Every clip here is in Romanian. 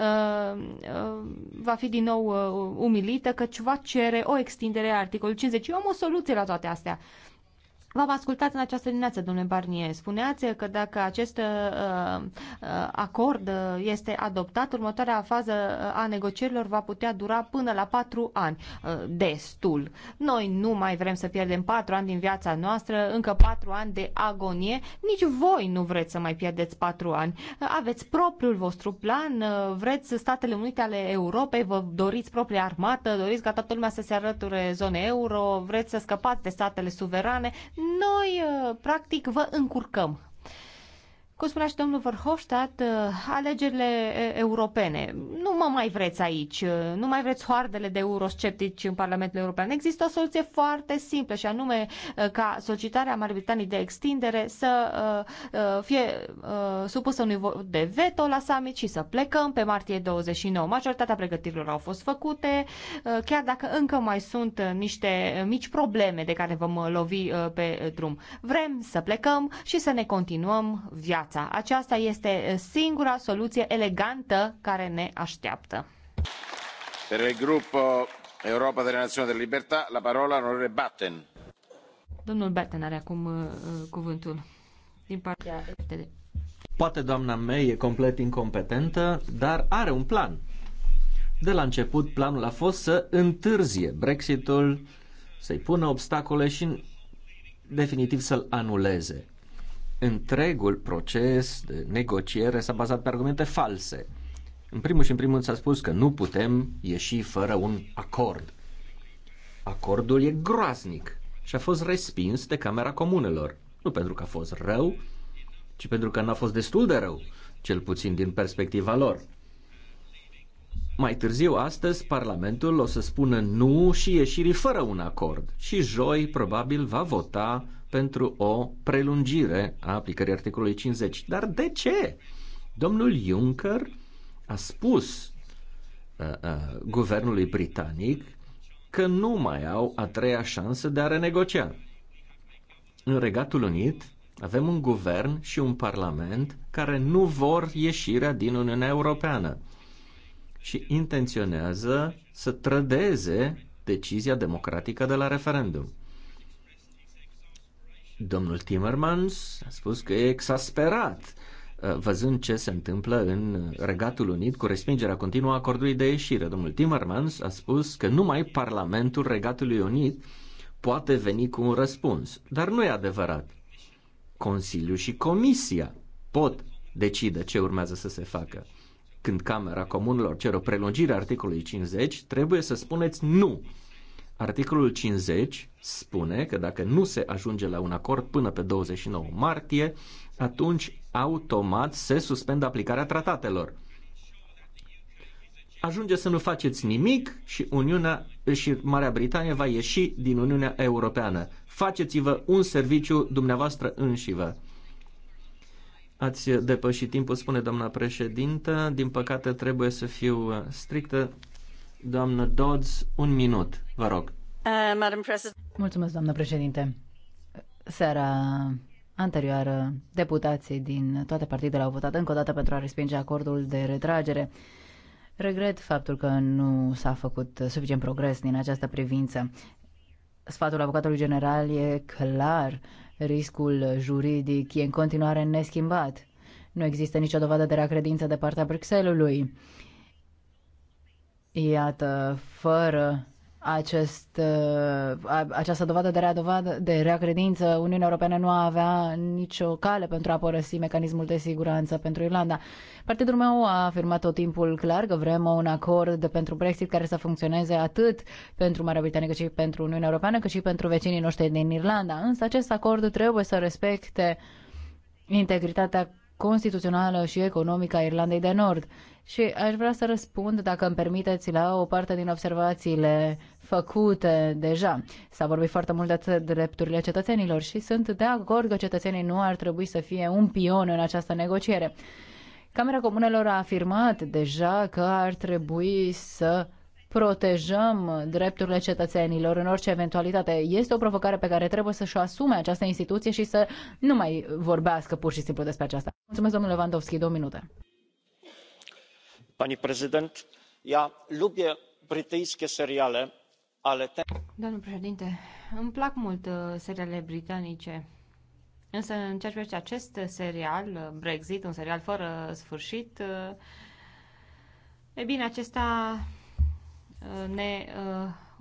Uh, va fi din nou uh, umilită, că ceva cere o extindere a articolului 50. Eu am o soluție la toate astea. V-am ascultat în această dimineață, domnule Barnier. Spuneați că dacă acest uh, uh acord este adoptat, următoarea fază uh, a negocierilor va putea dura până la patru ani. Uh, destul. Noi nu mai vrem să pierdem patru ani din viața noastră, încă patru ani de agonie. Nici voi nu vreți să mai pierdeți patru ani. Uh, aveți propriul vostru plan, vreți Statele Unite ale Europei, vă doriți propria armată, doriți ca toată lumea să se arăture zone euro, vreți să scăpați de statele suverane. Noi, uh, practic, vă încurcăm cum spunea și domnul Verhofstadt, uh, alegerile europene. Nu mă mai vreți aici, uh, nu mai vreți hoardele de eurosceptici în Parlamentul European. Există o soluție foarte simplă și anume uh, ca solicitarea Marii Britanii de extindere să fie supusă unui vot de veto la summit și să plecăm pe martie 29. Majoritatea pregătirilor au fost făcute, chiar dacă încă mai sunt niște mici probleme de care vom lovi pe drum. Vrem să plecăm și să ne continuăm viața viața. Aceasta este singura soluție elegantă care ne așteaptă. Per grupul Europa delle Nazioni delle Libertà, la parola onorevole Batten. Domnul Batten are acum uh, cuvântul din partea FTD. Poate doamna May e complet incompetentă, dar are un plan. De la început, planul a fost să întârzie Brexitul, să-i pună obstacole și, definitiv, să-l anuleze întregul proces de negociere s-a bazat pe argumente false. În primul și în primul rând s-a spus că nu putem ieși fără un acord. Acordul e groaznic și a fost respins de Camera Comunelor. Nu pentru că a fost rău, ci pentru că n-a fost destul de rău, cel puțin din perspectiva lor. Mai târziu astăzi, Parlamentul o să spună nu și ieșirii fără un acord. Și joi, probabil, va vota pentru o prelungire a aplicării articolului 50. Dar de ce? Domnul Juncker a spus uh, uh, guvernului britanic că nu mai au a treia șansă de a renegocia. În Regatul Unit avem un guvern și un parlament care nu vor ieșirea din Uniunea Europeană și intenționează să trădeze decizia democratică de la referendum. Domnul Timmermans a spus că e exasperat uh, văzând ce se întâmplă în Regatul Unit cu respingerea continuă a acordului de ieșire. Domnul Timmermans a spus că numai Parlamentul Regatului Unit poate veni cu un răspuns. Dar nu e adevărat. Consiliul și Comisia pot decide ce urmează să se facă. Când Camera Comunelor cer o prelungire a articolului 50, trebuie să spuneți nu. Articolul 50 spune că dacă nu se ajunge la un acord până pe 29 martie, atunci automat se suspendă aplicarea tratatelor. Ajunge să nu faceți nimic și Uniunea și Marea Britanie va ieși din Uniunea Europeană. Faceți-vă un serviciu dumneavoastră înșivă. Ați depășit timpul, spune doamna președintă. Din păcate trebuie să fiu uh, strictă. Doamnă Dodds, un minut, vă rog. Uh, Mulțumesc, doamnă președinte. Seara anterioară, deputații din toate partidele au votat încă o dată pentru a respinge acordul de retragere. Regret faptul că nu s-a făcut suficient progres din această privință. Sfatul avocatului general e clar Riscul juridic e în continuare neschimbat. Nu există nicio dovadă de reacredință de partea Bruxellesului. Iată, fără acest, uh, această dovadă de rea, dovadă de rea credință, Uniunea Europeană nu avea nicio cale pentru a părăsi mecanismul de siguranță pentru Irlanda. Partidul meu a afirmat tot timpul clar că vrem un acord pentru Brexit care să funcționeze atât pentru Marea Britanie cât și pentru Uniunea Europeană, cât și pentru vecinii noștri din Irlanda. Însă acest acord trebuie să respecte integritatea constituțională și economică a Irlandei de Nord. Și aș vrea să răspund, dacă îmi permiteți, la o parte din observațiile făcute deja. S-a vorbit foarte mult de drepturile cetățenilor și sunt de acord că cetățenii nu ar trebui să fie un pion în această negociere. Camera Comunelor a afirmat deja că ar trebui să protejăm drepturile cetățenilor în orice eventualitate. Este o provocare pe care trebuie să-și o asume această instituție și să nu mai vorbească pur și simplu despre aceasta. Mulțumesc, domnule Lewandowski, două minute. Pani prezident, ja lubię brytyjskie seriale, ale Domnul președinte, îmi plac mult uh, serialele britanice. Însă, în ceea ce privește acest uh, serial, uh, Brexit, un serial fără sfârșit, e bine, acesta ne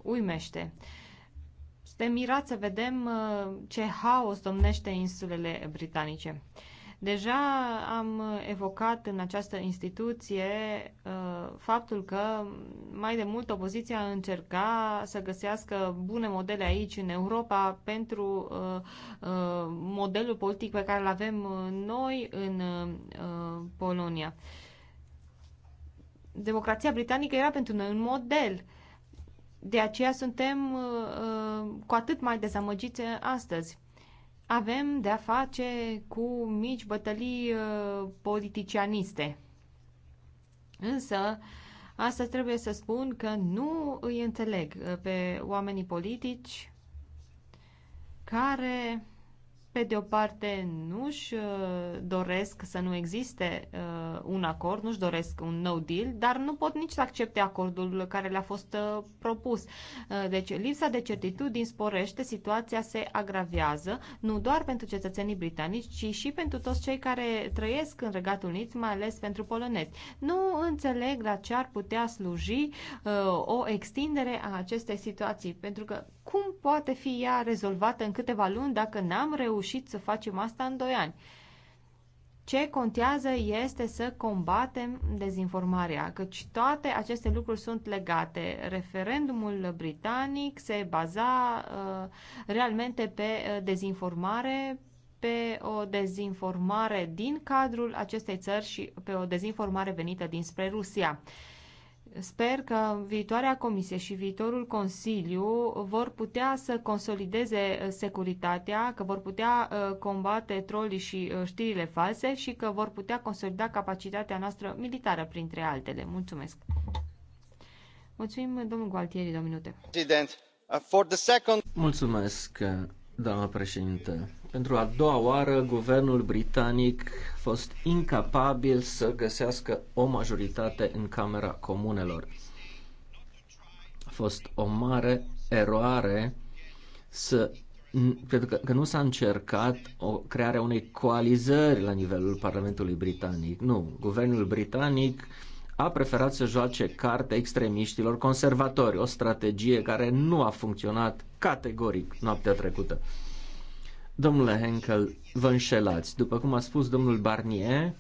uimește. Suntem mirați să vedem ce haos domnește insulele britanice. Deja am evocat în această instituție uh, faptul că mai de mult opoziția încerca să găsească bune modele aici în Europa pentru uh, uh, modelul politic pe care îl avem noi în Polonia. Democrația britanică era pentru noi un model. De aceea suntem uh, cu atât mai dezamăgiți astăzi avem de-a face cu mici bătălii uh, politicianiste. Însă, asta trebuie să spun că nu îi înțeleg uh, pe oamenii politici care pe de o parte, nu-și uh, doresc să nu existe uh, un acord, nu-și doresc un no deal, dar nu pot nici să accepte acordul care le-a fost uh, propus. Deci, lipsa de certitudini sporește, situația se agravează, nu doar pentru cetățenii britanici, ci și pentru toți cei care trăiesc în Regatul Unit, mai ales pentru polonezi. Nu înțeleg la ce ar putea sluji o extindere a acestei situații, pentru că cum poate fi ea rezolvată în câteva luni dacă n-am reușit să facem asta în doi ani? Ce contează este să combatem dezinformarea, căci toate aceste lucruri sunt legate. Referendumul britanic se baza uh, realmente pe uh, dezinformare, pe o dezinformare din cadrul acestei țări și pe o dezinformare venită dinspre Rusia. Uh, Sper că viitoarea comisie și viitorul Consiliu vor putea să consolideze uh, securitatea, că vor putea uh, combate trolii și uh, știrile false și că vor putea consolida capacitatea noastră militară, printre altele. Mulțumesc! Mulțumim, domnul Gualtieri, două minute. Mulțumesc, doamnă președinte. Pentru a doua oară, guvernul britanic a fost incapabil să găsească o majoritate în Camera Comunelor. A fost o mare eroare să pentru că, că nu s-a încercat o crearea unei coalizări la nivelul Parlamentului Britanic. Nu, guvernul britanic a preferat să joace carte extremiștilor conservatori, o strategie care nu a funcționat categoric noaptea trecută. Domnule Henkel, vă înșelați. După cum a spus domnul Barnier,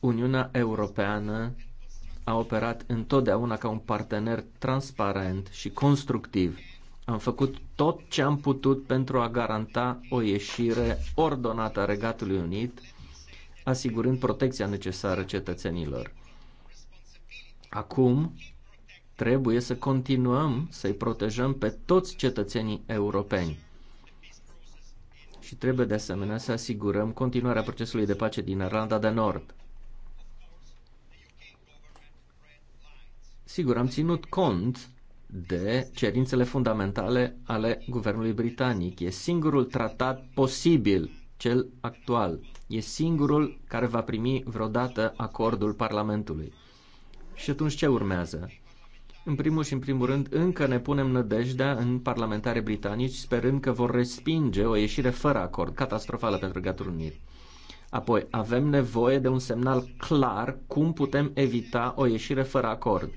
Uniunea Europeană a operat întotdeauna ca un partener transparent și constructiv. Am făcut tot ce am putut pentru a garanta o ieșire ordonată a Regatului Unit, asigurând protecția necesară cetățenilor. Acum trebuie să continuăm să-i protejăm pe toți cetățenii europeni și trebuie de asemenea să asigurăm continuarea procesului de pace din Irlanda de Nord. Sigur, am ținut cont de cerințele fundamentale ale guvernului britanic. E singurul tratat posibil, cel actual. E singurul care va primi vreodată acordul Parlamentului. Și atunci ce urmează? În primul și în primul rând, încă ne punem nădejdea în parlamentare britanici, sperând că vor respinge o ieșire fără acord, catastrofală pentru Gatul Unit. Apoi, avem nevoie de un semnal clar cum putem evita o ieșire fără acord.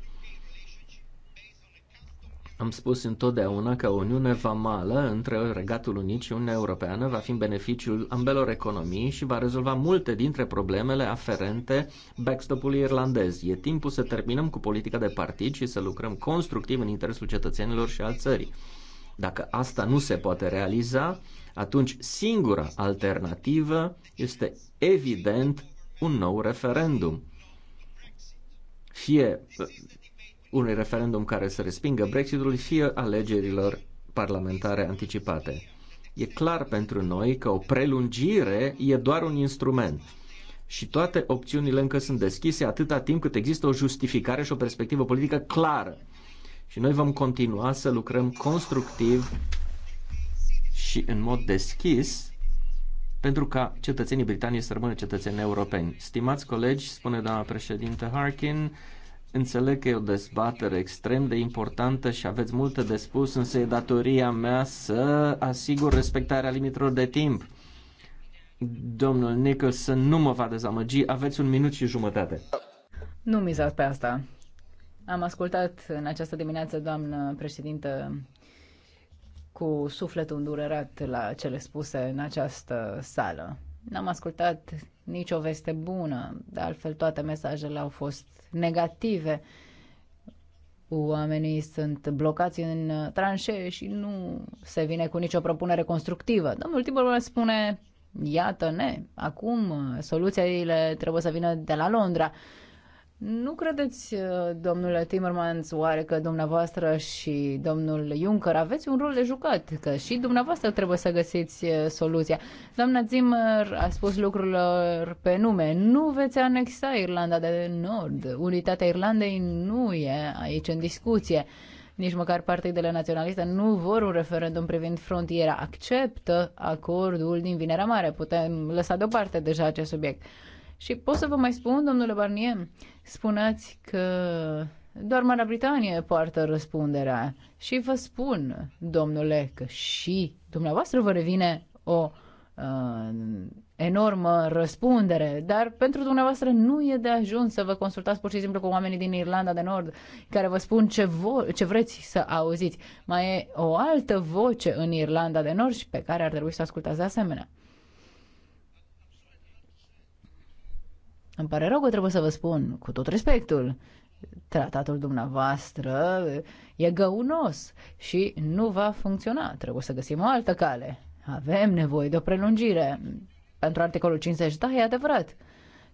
Am spus întotdeauna că o Uniune Vamală între Regatul Unit și Uniunea Europeană va fi în beneficiul ambelor economii și va rezolva multe dintre problemele aferente backstop-ului irlandez. E timpul să terminăm cu politica de partid și să lucrăm constructiv în interesul cetățenilor și al țării. Dacă asta nu se poate realiza, atunci singura alternativă este evident un nou referendum. Fie unui referendum care să respingă Brexitul, și alegerilor parlamentare anticipate. E clar pentru noi că o prelungire e doar un instrument și toate opțiunile încă sunt deschise atâta timp cât există o justificare și o perspectivă politică clară. Și noi vom continua să lucrăm constructiv și în mod deschis pentru ca cetățenii britanici să rămână cetățeni europeni. Stimați colegi, spune doamna președinte Harkin, Înțeleg că e o dezbatere extrem de importantă și aveți multe de spus, însă e datoria mea să asigur respectarea limitelor de timp. Domnul Nicholson nu mă va dezamăgi, aveți un minut și jumătate. Nu mizați pe asta. Am ascultat în această dimineață, doamnă președintă, cu sufletul îndurerat la cele spuse în această sală. N-am ascultat nicio veste bună, de altfel toate mesajele au fost negative. Oamenii sunt blocați în tranșee și nu se vine cu nicio propunere constructivă. Domnul Tibor spune, iată-ne, acum soluțiile trebuie să vină de la Londra. Nu credeți, uh, domnule Timmermans, oare că dumneavoastră și domnul Juncker aveți un rol de jucat, că și dumneavoastră trebuie să găsiți uh, soluția. Doamna Zimmer a spus lucrurilor pe nume. Nu veți anexa Irlanda de Nord. Unitatea Irlandei nu e aici în discuție. Nici măcar partidele naționaliste nu vor un referendum privind frontiera. Acceptă acordul din Vinerea Mare. Putem lăsa deoparte deja acest subiect. Și pot să vă mai spun, domnule Barnier, spuneați că doar Marea Britanie poartă răspunderea. Și vă spun, domnule, că și dumneavoastră vă revine o uh, enormă răspundere, dar pentru dumneavoastră nu e de ajuns să vă consultați pur și simplu cu oamenii din Irlanda de Nord care vă spun ce, vo- ce vreți să auziți. Mai e o altă voce în Irlanda de Nord și pe care ar trebui să ascultați de asemenea. Îmi pare rău că trebuie să vă spun, cu tot respectul, tratatul dumneavoastră e găunos și nu va funcționa. Trebuie să găsim o altă cale. Avem nevoie de o prelungire. Pentru articolul 50, da, e adevărat.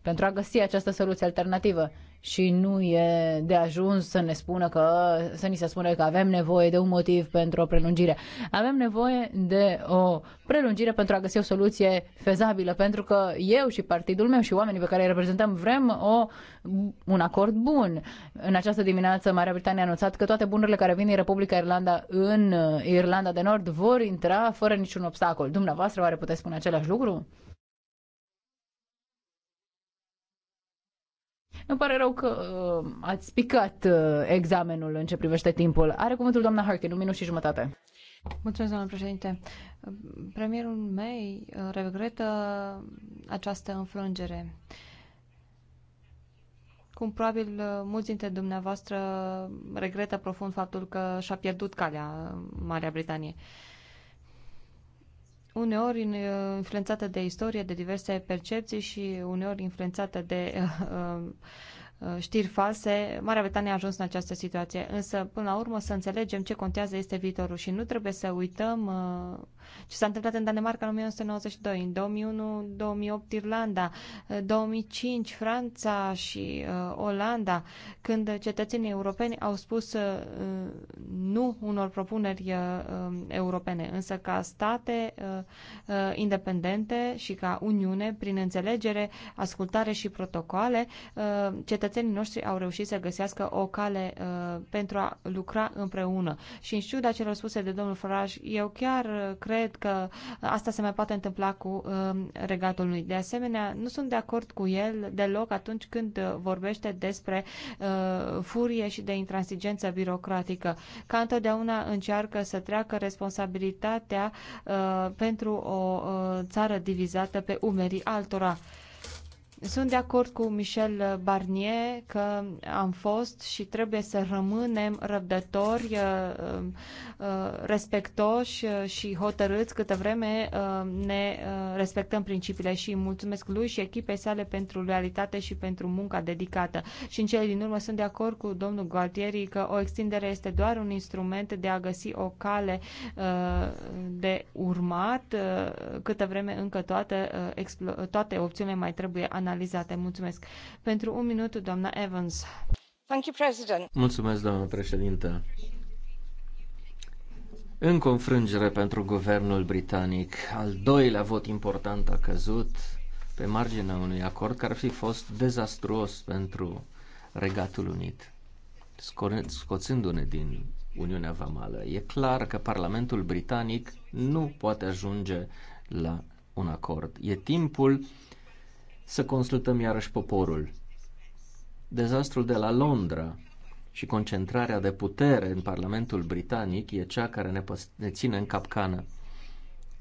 Pentru a găsi această soluție alternativă și nu e de ajuns să ne spună că, să ni se spune că avem nevoie de un motiv pentru o prelungire. Avem nevoie de o prelungire pentru a găsi o soluție fezabilă, pentru că eu și partidul meu și oamenii pe care îi reprezentăm vrem o, un acord bun. În această dimineață, Marea Britanie a anunțat că toate bunurile care vin din Republica Irlanda în Irlanda de Nord vor intra fără niciun obstacol. Dumneavoastră oare puteți spune același lucru? Îmi pare rău că uh, ați picat uh, examenul în ce privește timpul. Are cuvântul doamna Harkin, un minut și jumătate. Mulțumesc, domnule președinte. Premierul May uh, regretă această înfrângere. Cum probabil uh, mulți dintre dumneavoastră regretă profund faptul că și-a pierdut calea Marea Britanie. Uh, uneori uh, influențată de istorie, de diverse percepții și uneori influențată de uh, uh, știri false, Marea Britanie a ajuns în această situație. Însă, până la urmă, să înțelegem ce contează este viitorul și nu trebuie să uităm uh, ce s-a întâmplat în Danemarca în 1992, în 2001, 2008 Irlanda, 2005 Franța și uh, Olanda, când cetățenii europeni au spus uh, nu unor propuneri uh, um, europene, însă ca state uh, uh, independente și ca Uniune, prin înțelegere, ascultare și protocoale, uh, cetățenii noștri au reușit să găsească o cale uh, pentru a lucra împreună. Și în ciuda celor spuse de domnul Farage, eu chiar uh, cred cred că asta se mai poate întâmpla cu um, Regatul lui. De asemenea, nu sunt de acord cu el deloc atunci când vorbește despre uh, furie și de intransigență birocratică. Ca întotdeauna încearcă să treacă responsabilitatea uh, pentru o uh, țară divizată pe umerii altora. Sunt de acord cu Michel Barnier că am fost și trebuie să rămânem răbdători, uh, um, uh, respectoși uh, și hotărâți câtă vreme ne respectăm principiile și mulțumesc lui și echipei sale pentru loialitate și pentru munca dedicată. Și în cele din urmă sunt de acord cu domnul Gualtieri că o extindere este doar un instrument de a găsi o cale de urmat câtă vreme încă toate, toate opțiunile mai trebuie analizate analizate. Mulțumesc. Pentru un minut, doamna Evans. Thank you, President. Mulțumesc, doamna președintă. În confrângere pentru guvernul britanic, al doilea vot important a căzut pe marginea unui acord care ar fi fost dezastruos pentru Regatul Unit, scoțându-ne din Uniunea Vamală. E clar că Parlamentul Britanic nu poate ajunge la un acord. E timpul să consultăm iarăși poporul. Dezastrul de la Londra și concentrarea de putere în Parlamentul Britanic e cea care ne, ne ține în capcană.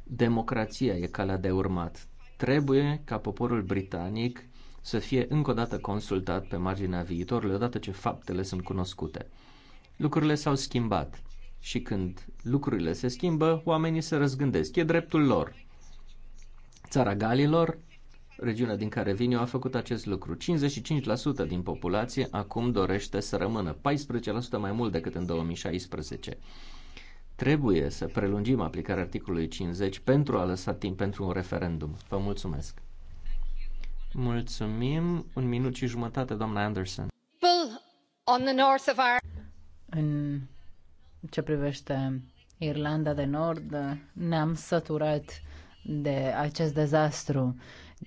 Democrația e calea de urmat. Trebuie ca poporul britanic să fie încă o dată consultat pe marginea viitorului odată ce faptele sunt cunoscute. Lucrurile s-au schimbat și când lucrurile se schimbă, oamenii se răzgândesc. E dreptul lor. Țara Galilor regiunea din care vin eu a făcut acest lucru. 55% din populație acum dorește să rămână, 14% mai mult decât în 2016. Trebuie să prelungim aplicarea articolului 50 pentru a lăsa timp pentru un referendum. Vă mulțumesc! Mulțumim. Un minut și jumătate, doamna Anderson. În ce privește Irlanda de Nord, ne-am săturat de acest dezastru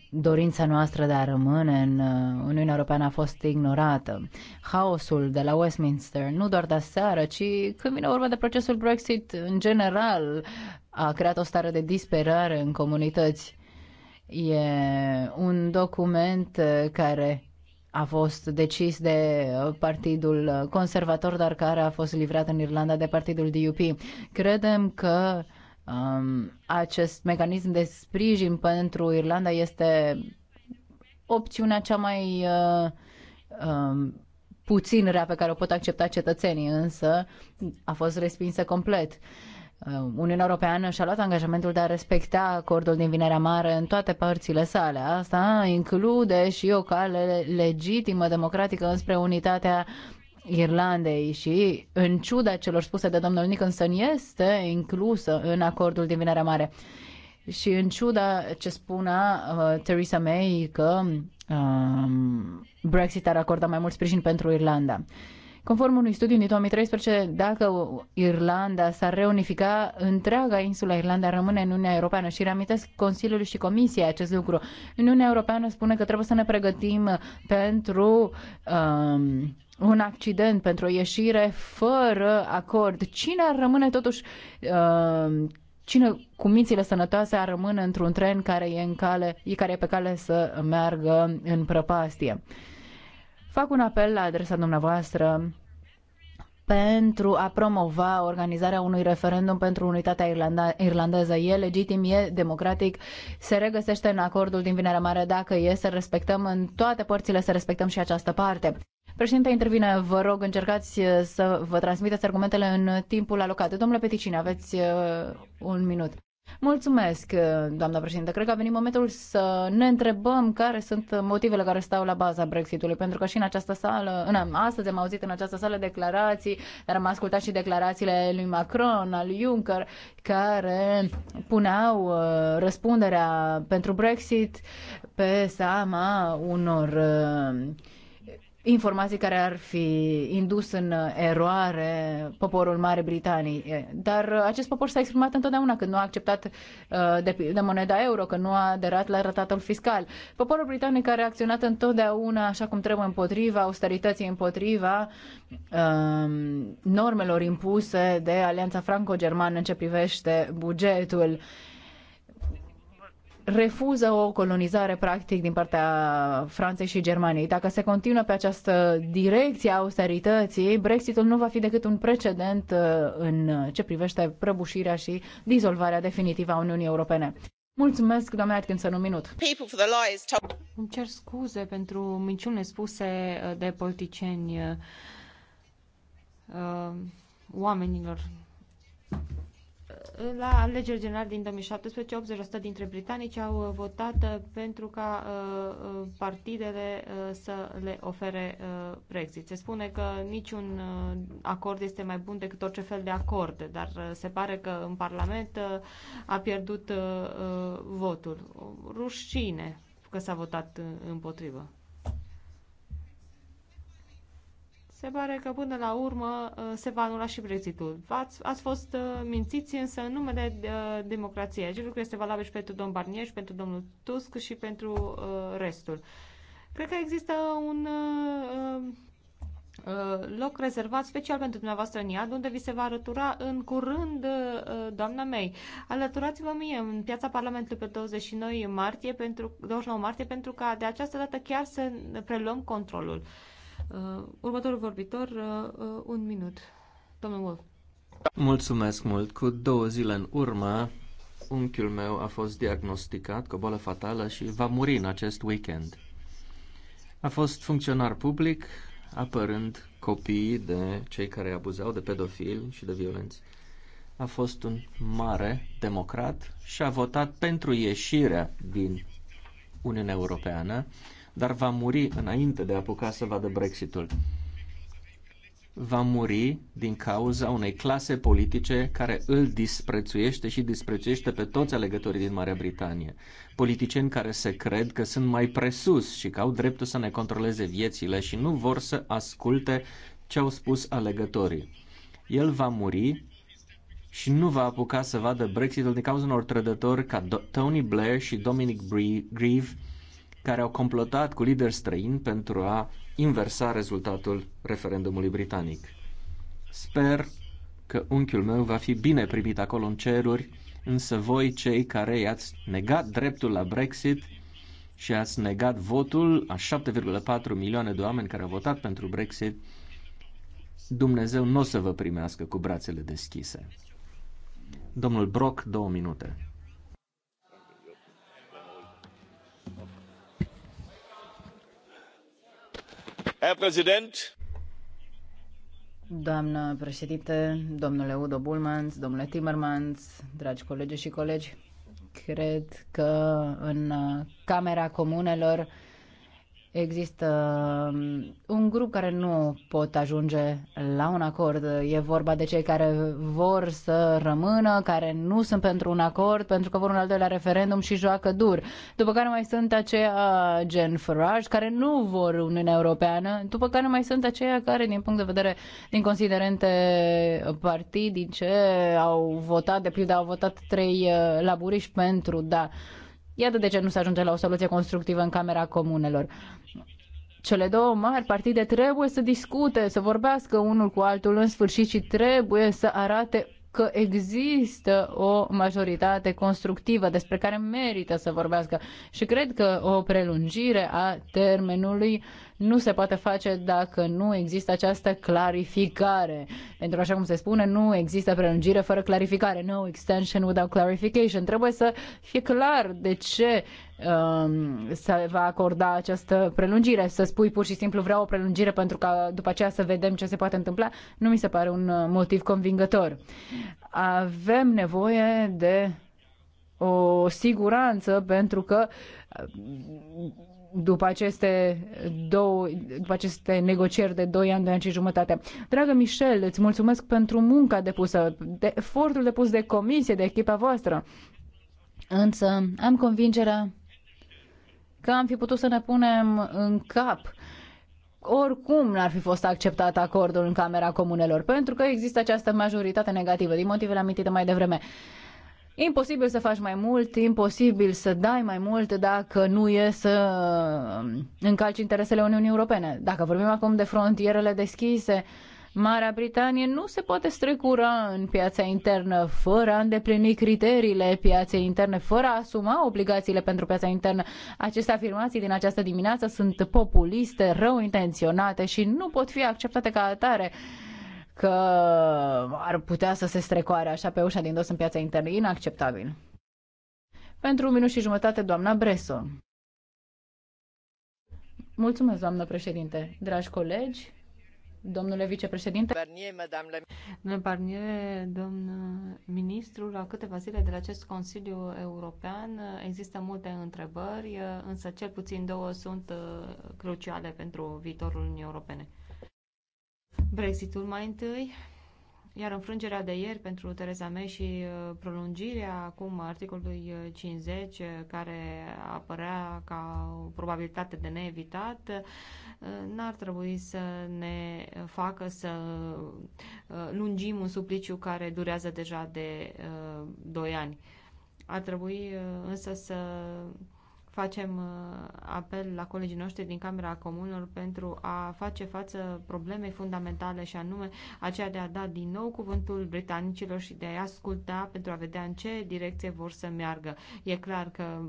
dorința noastră de a rămâne în uh, Uniunea Europeană a fost ignorată. Haosul de la Westminster, nu doar de seară, ci când vine vorba de procesul Brexit în general, a creat o stare de disperare în comunități. E un document uh, care a fost decis de uh, Partidul Conservator, dar care a fost livrat în Irlanda de Partidul DUP. Credem că Um, acest mecanism de sprijin pentru Irlanda este opțiunea cea mai uh, um, puțin rea pe care o pot accepta cetățenii, însă a fost respinsă complet. Uh, Uniunea Europeană și-a luat angajamentul de a respecta acordul din Vinerea Mare în toate părțile sale. Asta include și o cale legitimă, democratică, înspre unitatea Irlandei și, în ciuda celor spuse de domnul Nicholson, este inclusă în acordul din Vinerea Mare. Și în ciuda ce spunea uh, Theresa May că uh, Brexit ar acorda mai mult sprijin pentru Irlanda. Uh, Conform unui studiu din 2013, dacă Irlanda s-ar reunifica, întreaga insula Irlanda rămâne în Uniunea Europeană și reamintesc Consiliul și Comisia acest lucru. Uniunea Europeană spune că trebuie să ne pregătim pentru um, un accident, pentru o ieșire fără acord. Cine ar rămâne totuși um, cine cu mințile sănătoase ar rămâne într-un tren care e, în cale, care e pe cale să meargă în prăpastie? Fac un apel la adresa dumneavoastră pentru a promova organizarea unui referendum pentru unitatea irlanda- irlandeză. E legitim, e democratic, se regăsește în acordul din Vinerea Mare dacă e să respectăm în toate părțile, să respectăm și această parte. Președinte, intervine, vă rog, încercați uh, să vă transmiteți argumentele în timpul alocat. Domnule Peticini, aveți uh, un minut. Mulțumesc, eh, doamna președinte. Cred că a venit momentul să ne întrebăm care sunt motivele care stau la baza Brexitului, pentru că și în această sală, în, astăzi am auzit în această sală declarații, dar am ascultat și declarațiile lui Macron, al lui Juncker, care puneau uh, răspunderea pentru Brexit pe seama unor uh, informații care ar fi indus în eroare poporul mare Britanii. Dar acest popor s-a exprimat întotdeauna când nu a acceptat uh, de, de moneda euro, că nu a aderat la ratatul fiscal. Poporul britanic a reacționat întotdeauna așa cum trebuie împotriva austerității, împotriva um, normelor impuse de Alianța Franco-Germană în ce privește bugetul. Uh, refuză o colonizare practic din partea Franței și Germaniei. Dacă se continuă pe această direcție a austerității, Brexitul nu va fi decât un precedent uh, în ce privește prăbușirea și dizolvarea definitivă a Uniunii Europene. Mulțumesc, doamne Atkinson, un minut. Îmi cer scuze pentru minciune spuse uh, de politicieni uh, oamenilor la alegeri generale din 2017, 80% dintre britanici au uh, votat uh, pentru ca uh, partidele să le ofere Brexit. Se spune că niciun acord este mai bun decât orice fel de acord, dar se pare că în Parlament a pierdut votul. Rușine că s-a votat împotrivă. Se pare că până la urmă uh, se va anula și Brexitul. Ați, ați fost uh, mințiți însă în numele de, uh, democrației. Acest lucru este valabil și pentru domnul Barnier și pentru domnul Tusk și pentru restul. Cred că există un loc rezervat special pentru dumneavoastră în iad, unde vi se va arătura în curând doamna mei. Alăturați-vă mie în piața Parlamentului pe 29 martie pentru, 29 martie pentru ca de această dată chiar să preluăm controlul. Uh, următorul vorbitor, uh, uh, un minut. Domnul Wolf. Mulțumesc mult. Cu două zile în urmă, unchiul meu a fost diagnosticat cu o boală fatală și va muri în acest weekend. A fost funcționar public, apărând copiii de cei care abuzau de pedofili și de violenți. A fost un mare democrat și a votat pentru ieșirea din Uniunea Europeană dar va muri înainte de a apuca să vadă Brexitul. Va muri din cauza unei clase politice care îl disprețuiește și disprețuiește pe toți alegătorii din Marea Britanie. Politicieni care se cred că sunt mai presus și că au dreptul să ne controleze viețile și nu vor să asculte ce au spus alegătorii. El va muri și nu va apuca să vadă Brexitul din cauza unor trădători ca Tony Blair și Dominic Grieve, care au complotat cu lideri străini pentru a inversa rezultatul referendumului britanic. Sper că unchiul meu va fi bine primit acolo în ceruri, însă voi, cei care i-ați negat dreptul la Brexit și ați negat votul a 7,4 milioane de oameni care au votat pentru Brexit, Dumnezeu nu o să vă primească cu brațele deschise. Domnul Brock, două minute. Doamnă președinte, domnule Udo Bulmans, domnule Timmermans, dragi colegi și colegi, cred că în Camera Comunelor Există um, un grup care nu pot ajunge la un acord. E vorba de cei care vor să rămână, care nu sunt pentru un acord, pentru că vor un al doilea referendum și joacă dur. După care mai sunt aceia gen Farage, care nu vor Uniunea Europeană, după care mai sunt aceia care, din punct de vedere, din considerente partidice, au votat, de pildă, au votat trei uh, laburiști pentru, da, Iată de ce nu se ajunge la o soluție constructivă în Camera Comunelor. Cele două mari partide trebuie să discute, să vorbească unul cu altul în sfârșit și trebuie să arate că există o majoritate constructivă despre care merită să vorbească. Și cred că o prelungire a termenului nu se poate face dacă nu există această clarificare. Pentru așa cum se spune, nu există prelungire fără clarificare. No extension without clarification. Trebuie să fie clar de ce um, se va acorda această prelungire. Să spui pur și simplu vreau o prelungire pentru ca după aceea să vedem ce se poate întâmpla, nu mi se pare un uh, motiv convingător. Avem nevoie de o siguranță pentru că uh, după aceste, două, după aceste negocieri de 2 ani, 2 ani și jumătate. Dragă Michel, îți mulțumesc pentru munca depusă, de efortul depus de comisie, de echipa voastră. Însă am convingerea că am fi putut să ne punem în cap oricum n-ar fi fost acceptat acordul în Camera Comunelor, pentru că există această majoritate negativă, din motivele amintite mai devreme. Imposibil să faci mai mult, imposibil să dai mai mult dacă nu e să încalci interesele Uniunii Europene. Dacă vorbim acum de frontierele deschise, Marea Britanie nu se poate strecura în piața internă fără a îndeplini criteriile piaței interne, fără a asuma obligațiile pentru piața internă. Aceste afirmații din această dimineață sunt populiste, rău intenționate și nu pot fi acceptate ca atare. Uh, că ar putea să se strecoare așa pe ușa din dos în piața internă. Inacceptabil. Pentru un minut și jumătate, doamna Breso. Mulțumesc, doamnă președinte. Dragi colegi, domnule vicepreședinte. Barnier, madame la... Barnier, domnul ministru, la câteva zile de la acest Consiliu European există multe întrebări, însă cel puțin două sunt uh, cruciale pentru viitorul Uniunii Europene. Brexitul mai întâi, iar înfrângerea de ieri pentru Tereza May și uh, prolungirea acum articolului 50, uh, uh, care apărea ca o probabilitate de neevitat, n-ar trebui să ne facă să lungim un supliciu care durează deja de 2 ani. Ar trebui însă să facem uh, apel la colegii noștri din Camera Comunilor pentru a face față problemei fundamentale și anume aceea de a da din nou cuvântul britanicilor și de a asculta pentru a vedea în ce direcție vor să meargă. E clar că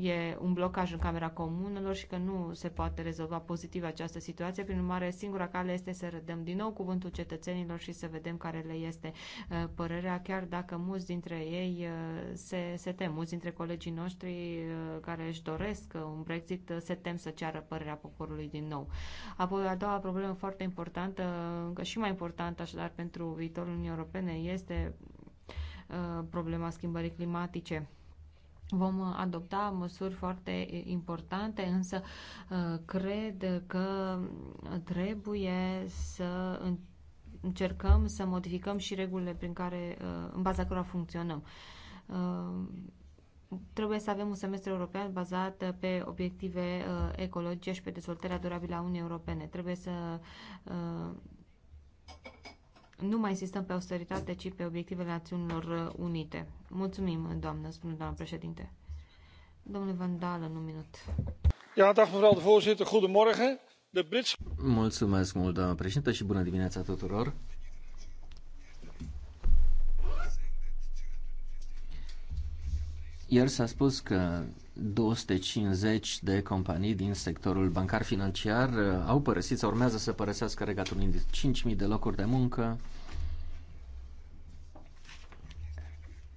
e un blocaj în Camera Comunilor și că nu se poate rezolva pozitiv această situație. Prin urmare, singura cale este să redăm din nou cuvântul cetățenilor și să vedem care le este uh, părerea, chiar dacă mulți dintre ei uh, se, se tem, mulți dintre colegii noștri care își doresc uh, un Brexit uh, se tem să ceară părerea poporului din nou. Apoi, a doua problemă foarte importantă, încă uh, și mai importantă așadar pentru viitorul Uniunii Europene, este problema schimbării climatice. Vom adopta măsuri foarte importante, însă cred că trebuie să încercăm să modificăm și regulile prin care, în baza cărora funcționăm trebuie să avem un semestru european bazat uh, pe obiective uh, ecologice și pe dezvoltarea durabilă a Uniunii Europene. Trebuie să uh, nu mai insistăm pe austeritate, ci pe obiectivele Națiunilor Unite. Mulțumim, doamnă, spune doamna președinte. Domnule Van Dalen, un minut. Ja, dag mevrouw de voorzitter, goedemorgen. De Brits... Mulțumesc mult, doamnă președinte, și bună dimineața tuturor. Ieri s-a spus că 250 de companii din sectorul bancar financiar uh, au părăsit sau urmează să părăsească Regatul Unit. 5.000 de locuri de muncă,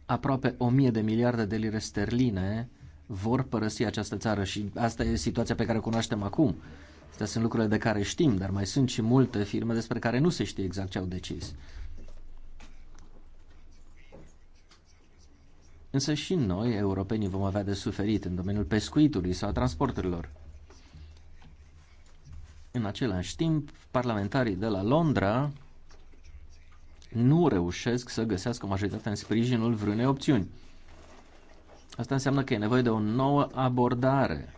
aproape 1.000 de miliarde de lire sterline vor părăsi această țară și asta e situația pe care o cunoaștem acum. Astea sunt lucrurile de care știm, dar mai sunt și multe firme despre care nu se știe exact ce au decis. Însă și noi, europenii, vom avea de suferit în domeniul pescuitului sau a transporturilor. În același timp, parlamentarii de la Londra nu reușesc să găsească o majoritate în sprijinul vreunei opțiuni. Asta înseamnă că e nevoie de o nouă abordare.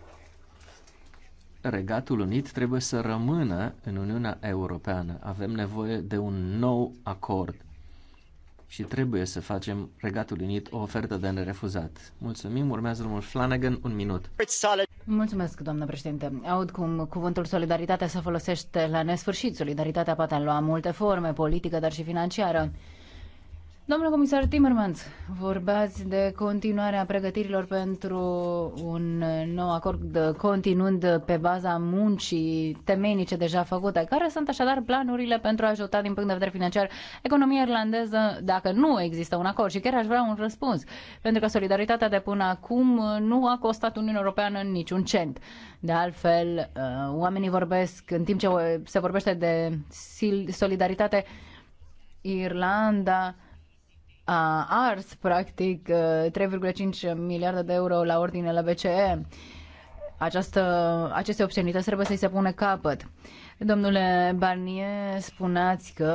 Regatul Unit trebuie să rămână în Uniunea Europeană. Avem nevoie de un nou acord și trebuie să facem Regatul Unit o ofertă de nerefuzat. Mulțumim, urmează domnul Flanagan, un minut. Mulțumesc, doamnă președinte. Aud cum cuvântul solidaritatea se folosește la nesfârșit. Solidaritatea poate lua multe forme, politică, dar și financiară. Domnule comisar Timmermans, vorbeați de continuarea pregătirilor pentru un nou acord continuând pe baza muncii temenice deja făcute. Care sunt așadar planurile pentru a ajuta din punct de vedere financiar economia irlandeză dacă nu există un acord? Și chiar aș vrea un răspuns, pentru că solidaritatea de până acum nu a costat Uniunea Europeană niciun cent. De altfel, uh, oamenii vorbesc, în timp ce se vorbește de solidaritate, Irlanda a ars, practic, 3,5 uh, miliarde de euro la ordine la BCE. Această, aceste obscenități trebuie să-i se pune capăt. Uh, Domnule Barnier, spuneați că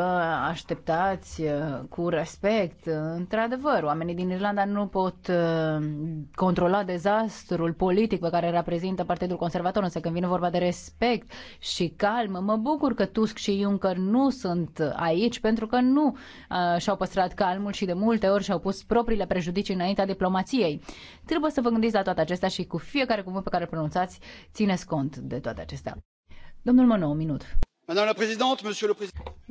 așteptați uh, cu respect. Uh, într-adevăr, oamenii din Irlanda nu pot uh, controla dezastrul politic pe care reprezintă Partidul Conservator, însă când vine vorba de respect și calm, mă bucur că Tusk și Juncker nu sunt aici pentru că nu și-au păstrat calmul și de multe ori și-au pus propriile prejudicii înaintea diplomației. Trebuie să vă gândiți la toate acestea și cu fiecare cuvânt pe care îl pronunțați, țineți cont de toate acestea. Domnule Doamnă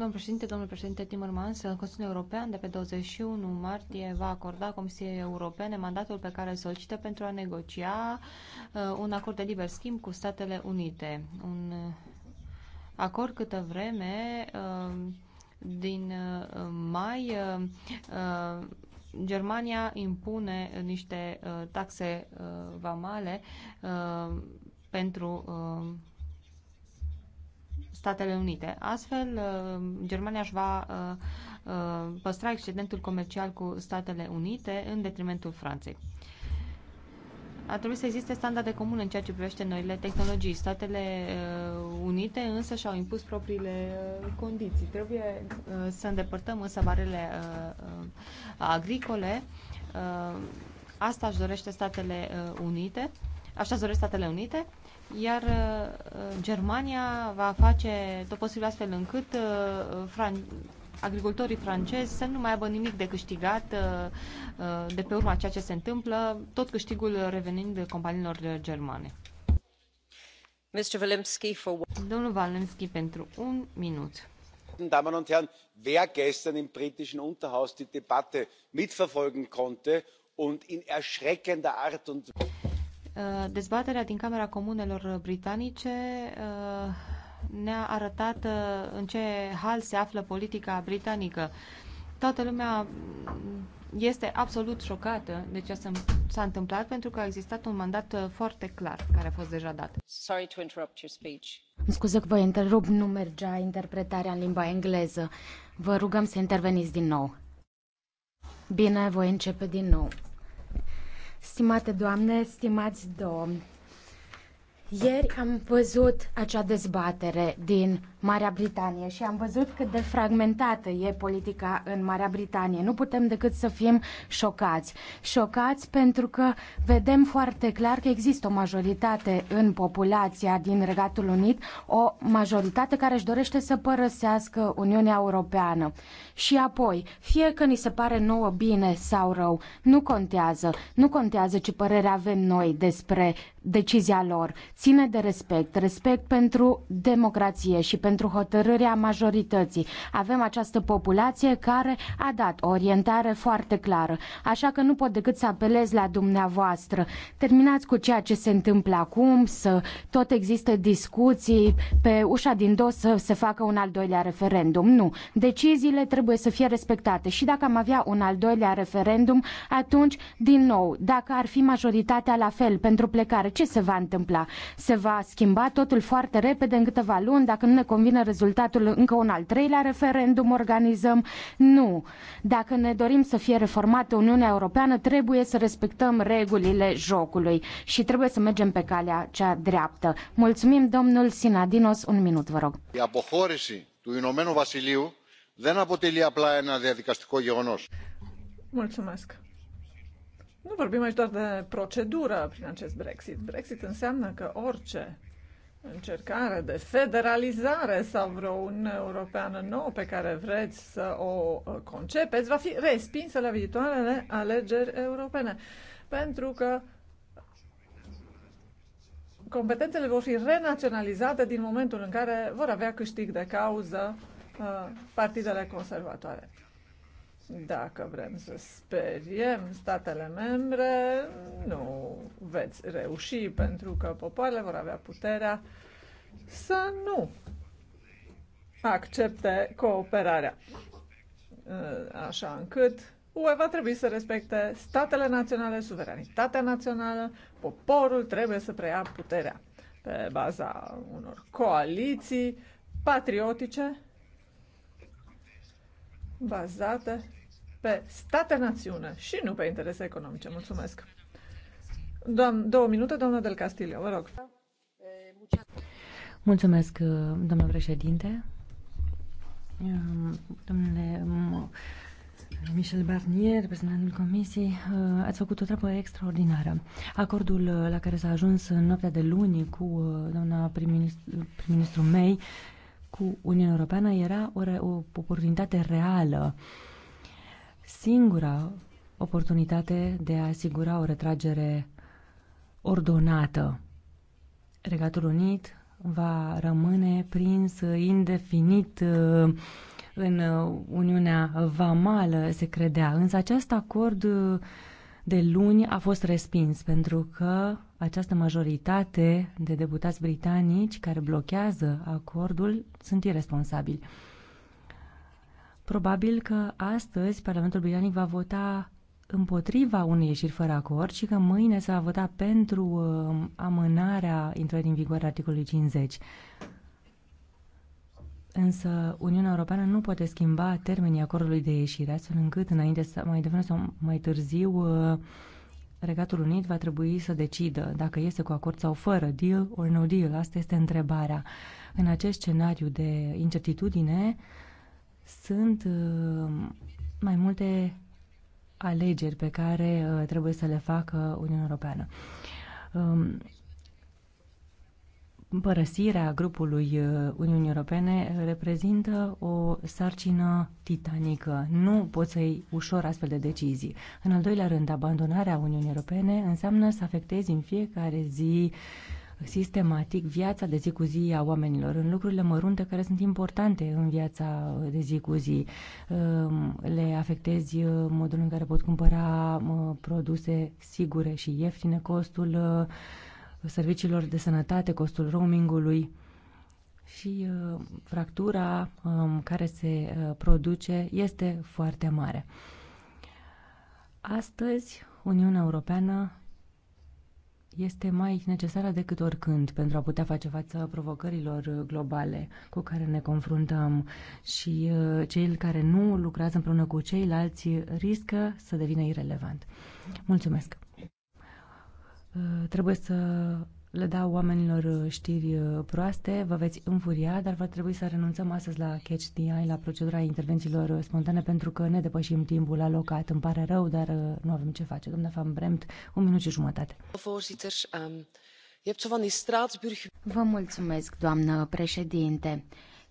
președinte, domnule președinte Timmermans, Consiliul European de pe unu martie va acorda Comisiei Europene mandatul pe care îl solicită pentru a negocia uh, un acord de liber schimb cu Statele Unite. Un uh, acord câtă vreme uh, din mai Germania impune niște taxe vamale pentru Statele Unite. Astfel, uh, Germania își va uh, uh, păstra excedentul comercial cu Statele Unite în detrimentul Franței. A trebui să existe standarde comune în ceea ce privește noile tehnologii. Statele Unite însă și-au impus propriile condiții. Trebuie să îndepărtăm însă barele agricole. Asta își dorește Statele Unite. Așa își dorește Statele Unite iar uh, uh, Germania va face tot posibil astfel încât uh, Fran- agricultorii francezi să nu mai aibă nimic de câștigat de pe urma ceea ce se întâmplă, tot câștigul revenind companiilor germane. Mr. Walensky for... Domnul Walensky pentru un minut damen und herren! wer gestern im britischen unterhaus die debatte mitverfolgen konnte und in erschreckender art und Uh, dezbaterea din Camera Comunelor Britanice uh, ne-a arătat uh, în ce hal se află politica britanică. Toată lumea este absolut șocată de ce s-a întâmplat pentru că a existat un mandat foarte clar care a fost deja dat. Sorry to interrupt your speech. Scuze că vă întrerup, nu mergea interpretarea în limba engleză. Vă rugăm să interveniți din nou. Bine, voi începe din nou. Stimate doamne, stimați domni, ieri am văzut acea dezbatere din Marea Britanie și am văzut cât de fragmentată e politica în Marea Britanie. Nu putem decât să fim șocați. Șocați pentru că vedem foarte clar că există o majoritate în populația din Regatul Unit, o majoritate care își dorește să părăsească Uniunea Europeană. Și apoi, fie că ni se pare nouă bine sau rău, nu contează. Nu contează ce părere avem noi despre decizia lor. Ține de respect, respect pentru democrație și pentru pentru hotărârea majorității. Avem această populație care a dat o orientare foarte clară, așa că nu pot decât să apelez la dumneavoastră. Terminați cu ceea ce se întâmplă acum, să tot există discuții, pe ușa din dos să se facă un al doilea referendum. Nu. Deciziile trebuie să fie respectate și dacă am avea un al doilea referendum, atunci, din nou, dacă ar fi majoritatea la fel pentru plecare, ce se va întâmpla? Se va schimba totul foarte repede în câteva luni, dacă nu ne convine rezultatul, încă un al treilea referendum organizăm. Nu. Dacă ne dorim să fie reformată Uniunea Europeană, trebuie să respectăm regulile jocului și trebuie să mergem pe calea cea dreaptă. Mulțumim, domnul Sinadinos. Un minut, vă rog. Η δεν αποτελεί απλά ένα διαδικαστικό γεγονός. Mulțumesc. Nu vorbim aici doar de procedură prin acest Brexit. Brexit înseamnă că orice încercare de federalizare sau vreo Uniune Europeană nouă pe care vreți să o concepeți va fi respinsă la viitoarele alegeri europene. Pentru că competențele vor fi renaționalizate din momentul în care vor avea câștig de cauză uh, partidele conservatoare. Dacă vrem să speriem statele membre, nu veți reuși, pentru că popoarele vor avea puterea să nu accepte cooperarea. Uh, așa încât UE va trebui să respecte statele naționale, suveranitatea națională, poporul trebuie să preia puterea pe baza unor coaliții patriotice bazate pe state-națiune și nu pe interese economice. Mulțumesc! Doam, două minute, doamna Del Castillo, vă rog. Mulțumesc, uh, um, domnule președinte. Um, domnule Michel Barnier, reprezentantul Comisiei, uh, ați făcut o treabă extraordinară. Acordul uh, la care s-a ajuns în noaptea de luni cu doamna prim-ministru prim May, cu Uniunea Europeană, era o, o oportunitate reală uh, singura oportunitate de a asigura o retragere ordonată. Regatul Unit va rămâne prins indefinit uh, în uh, Uniunea Vamală, se credea. Însă acest acord uh, de luni a fost respins pentru că această majoritate de deputați britanici care blochează acordul sunt irresponsabili. Probabil că astăzi Parlamentul Britanic va vota împotriva unei ieșiri fără acord și că mâine se a vota pentru uh, amânarea intrării în vigoare a articolului 50. Însă Uniunea Europeană nu poate schimba termenii acordului de ieșire, astfel încât înainte să, mai devreme sau mai târziu uh, Regatul Unit va trebui să decidă dacă este cu acord sau fără, deal or no deal, asta este întrebarea. În acest scenariu de incertitudine, uh, sunt uh, mai multe alegeri pe care uh, trebuie să le facă Uniunea Europeană um, părăsirea grupului uh, Uniunii Europene reprezintă o sarcină titanică. Nu poți să iei ușor astfel de decizii. În al doilea rând, abandonarea Uniunii Europene înseamnă să afectezi în fiecare zi sistematic viața de zi cu zi a oamenilor, în lucrurile mărunte care sunt importante în viața de zi cu zi. Ehm, le afectezi ehm, modul în care pot cumpăra produse sigure și ieftine, costul ehm, serviciilor de sănătate, costul roamingului și fractura care se produce este foarte mare. Astăzi, Uniunea Europeană este mai necesară decât oricând pentru a putea face față provocărilor globale cu care ne confruntăm și uh, cei care nu lucrează împreună cu ceilalți riscă să devină irelevant. Mulțumesc! Uh, trebuie să le dau oamenilor uh, știri uh, proaste, vă veți înfuria, dar va trebui să renunțăm astăzi la Catch the Eye, la procedura intervențiilor uh, spontane, pentru că ne depășim timpul alocat. Îmi pare rău, dar nu avem ce face. Doamna Van Bremt, un minut și jumătate. Ehm, vă mulțumesc, doamnă președinte.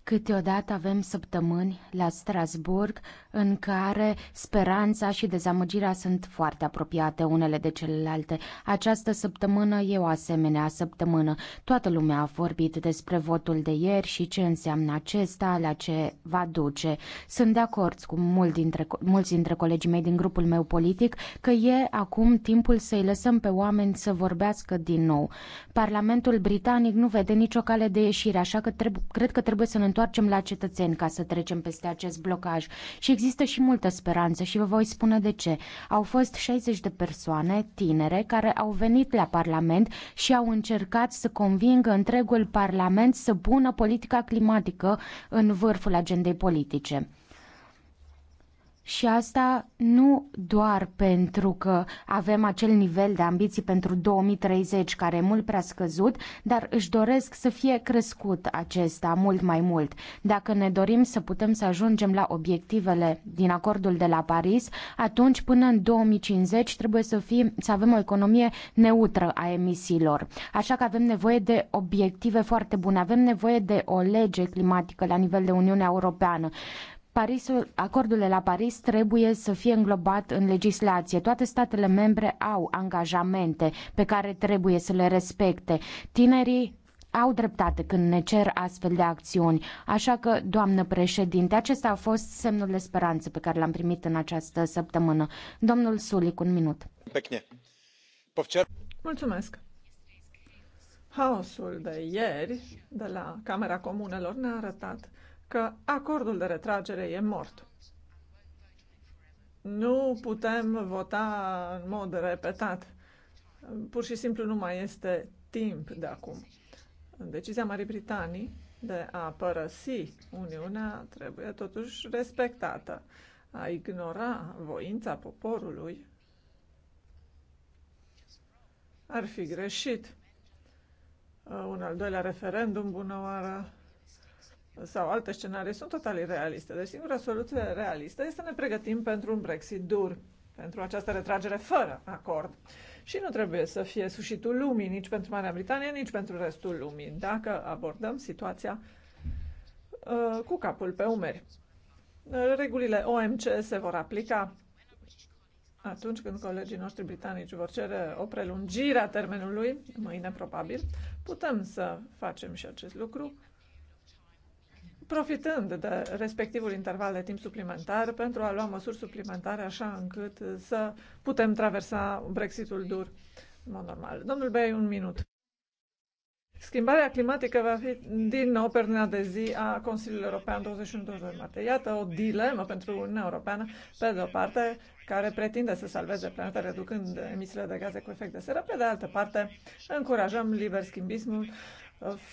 Câteodată avem săptămâni la Strasburg în care speranța și dezamăgirea sunt foarte apropiate unele de celelalte. Această săptămână e o asemenea săptămână. Toată lumea a vorbit despre votul de ieri și ce înseamnă acesta, la ce va duce. Sunt de acord cu mulți dintre, mulți dintre colegii mei din grupul meu politic că e acum timpul să-i lăsăm pe oameni să vorbească din nou. Parlamentul britanic nu vede nicio cale de ieșire, așa că trebu- cred că trebuie să ne întoarcem întoarcem la cetățeni ca să trecem peste acest blocaj. Și există și multă speranță și vă voi spune de ce. Au fost 60 de persoane tinere care au venit la Parlament și au încercat să convingă întregul Parlament să pună politica climatică în vârful agendei politice. Și asta nu doar pentru că avem acel nivel de ambiții pentru 2030 care e mult prea scăzut, dar își doresc să fie crescut acesta mult mai mult. Dacă ne dorim să putem să ajungem la obiectivele din acordul de la Paris, atunci până în 2050 trebuie să, fim, să avem o economie neutră a emisiilor. Așa că avem nevoie de obiective foarte bune, avem nevoie de o lege climatică la nivel de Uniunea Europeană Parisul, acordul de la Paris trebuie să fie înglobat în legislație. Toate statele membre au angajamente pe care trebuie să le respecte. Tinerii au dreptate când ne cer astfel de acțiuni. Așa că, doamnă președinte, acesta a fost semnul de speranță pe care l-am primit în această săptămână. Domnul Sulic, un minut. Mulțumesc. Haosul de ieri de la Camera Comunelor ne-a arătat că acordul de retragere e mort. Nu putem vota în mod repetat. Pur și simplu nu mai este timp de acum. Decizia Marii Britanii de a părăsi Uniunea trebuie totuși respectată. A ignora voința poporului ar fi greșit. Un al doilea referendum, bună oară, sau alte scenarii sunt total irealiste. Deci singura soluție realistă este să ne pregătim pentru un Brexit dur, pentru această retragere fără acord. Și nu trebuie să fie sușitul lumii nici pentru Marea Britanie, nici pentru restul lumii, dacă abordăm situația uh, cu capul pe umeri. Regulile OMC se vor aplica atunci când colegii noștri britanici vor cere o prelungire a termenului, mâine probabil, putem să facem și acest lucru profitând de respectivul interval de timp suplimentar pentru a lua măsuri suplimentare așa încât să putem traversa Brexitul dur în mod normal. Domnul Bey, un minut. Schimbarea climatică va fi din nou pernea de zi a Consiliului European 21-22 martie. Iată o dilemă pentru Uniunea Europeană, pe de o parte, care pretinde să salveze planeta reducând emisiile de gaze cu efect de seră, pe de altă parte, încurajăm liber schimbismul,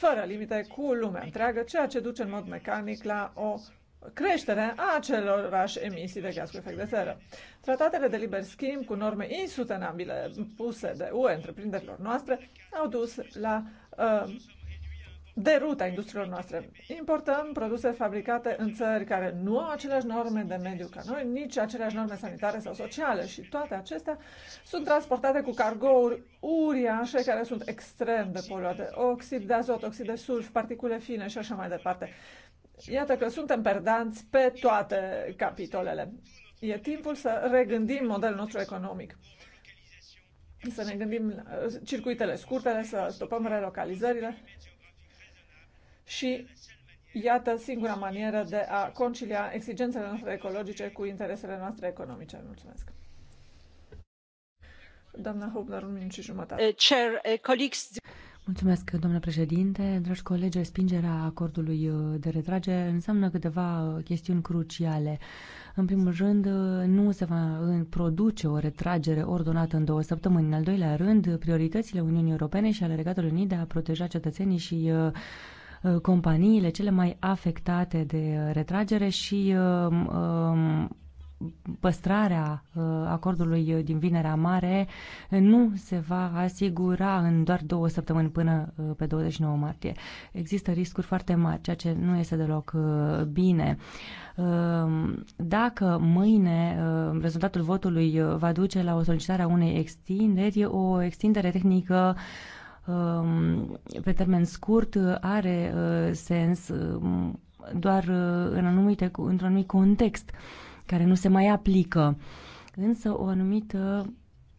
fără limite cu lumea întreagă, ceea ce duce în mod mecanic la o creștere a acelorași emisii de gaz cu efect de seră. Tratatele de liber schimb cu norme insustenabile puse de UE întreprinderilor noastre au dus la uh, de rută a industriilor noastre. Importăm produse fabricate în țări care nu au aceleași norme de mediu ca noi, nici aceleași norme sanitare sau sociale și toate acestea sunt transportate cu cargouri uriașe care sunt extrem de poluate. Oxid de azot, oxid de sulf, particule fine și așa mai departe. Iată că suntem perdanți pe toate capitolele. E timpul să regândim modelul nostru economic să ne gândim uh, circuitele scurtele, să stopăm relocalizările și iată singura manieră de a concilia exigențele noastre ecologice cu interesele noastre economice. Mulțumesc! Doamna Hubner, un minut și jumătate. Uh, chair, uh, colleagues... Mulțumesc, domnule președinte. Dragi colegi, respingerea acordului uh, de retragere înseamnă câteva chestiuni cruciale. În primul rând, nu se va produce o retragere ordonată în două săptămâni. În al doilea rând, prioritățile Uniunii Europene și ale Regatului Unit de a proteja cetățenii și Uh, companiile cele mai afectate de uh, retragere și uh, um, păstrarea acordului din Vinerea Mare nu se va asigura în doar două săptămâni până pe 29 martie. Există riscuri foarte mari, ceea ce nu este deloc bine. Um, dacă mâine rezultatul votului va duce la o solicitare a unei extinderi, o extindere tehnică Um, pe termen scurt uh, are uh, sens uh, doar în anumite, într-un anumit context care nu se mai aplică. Însă o anumită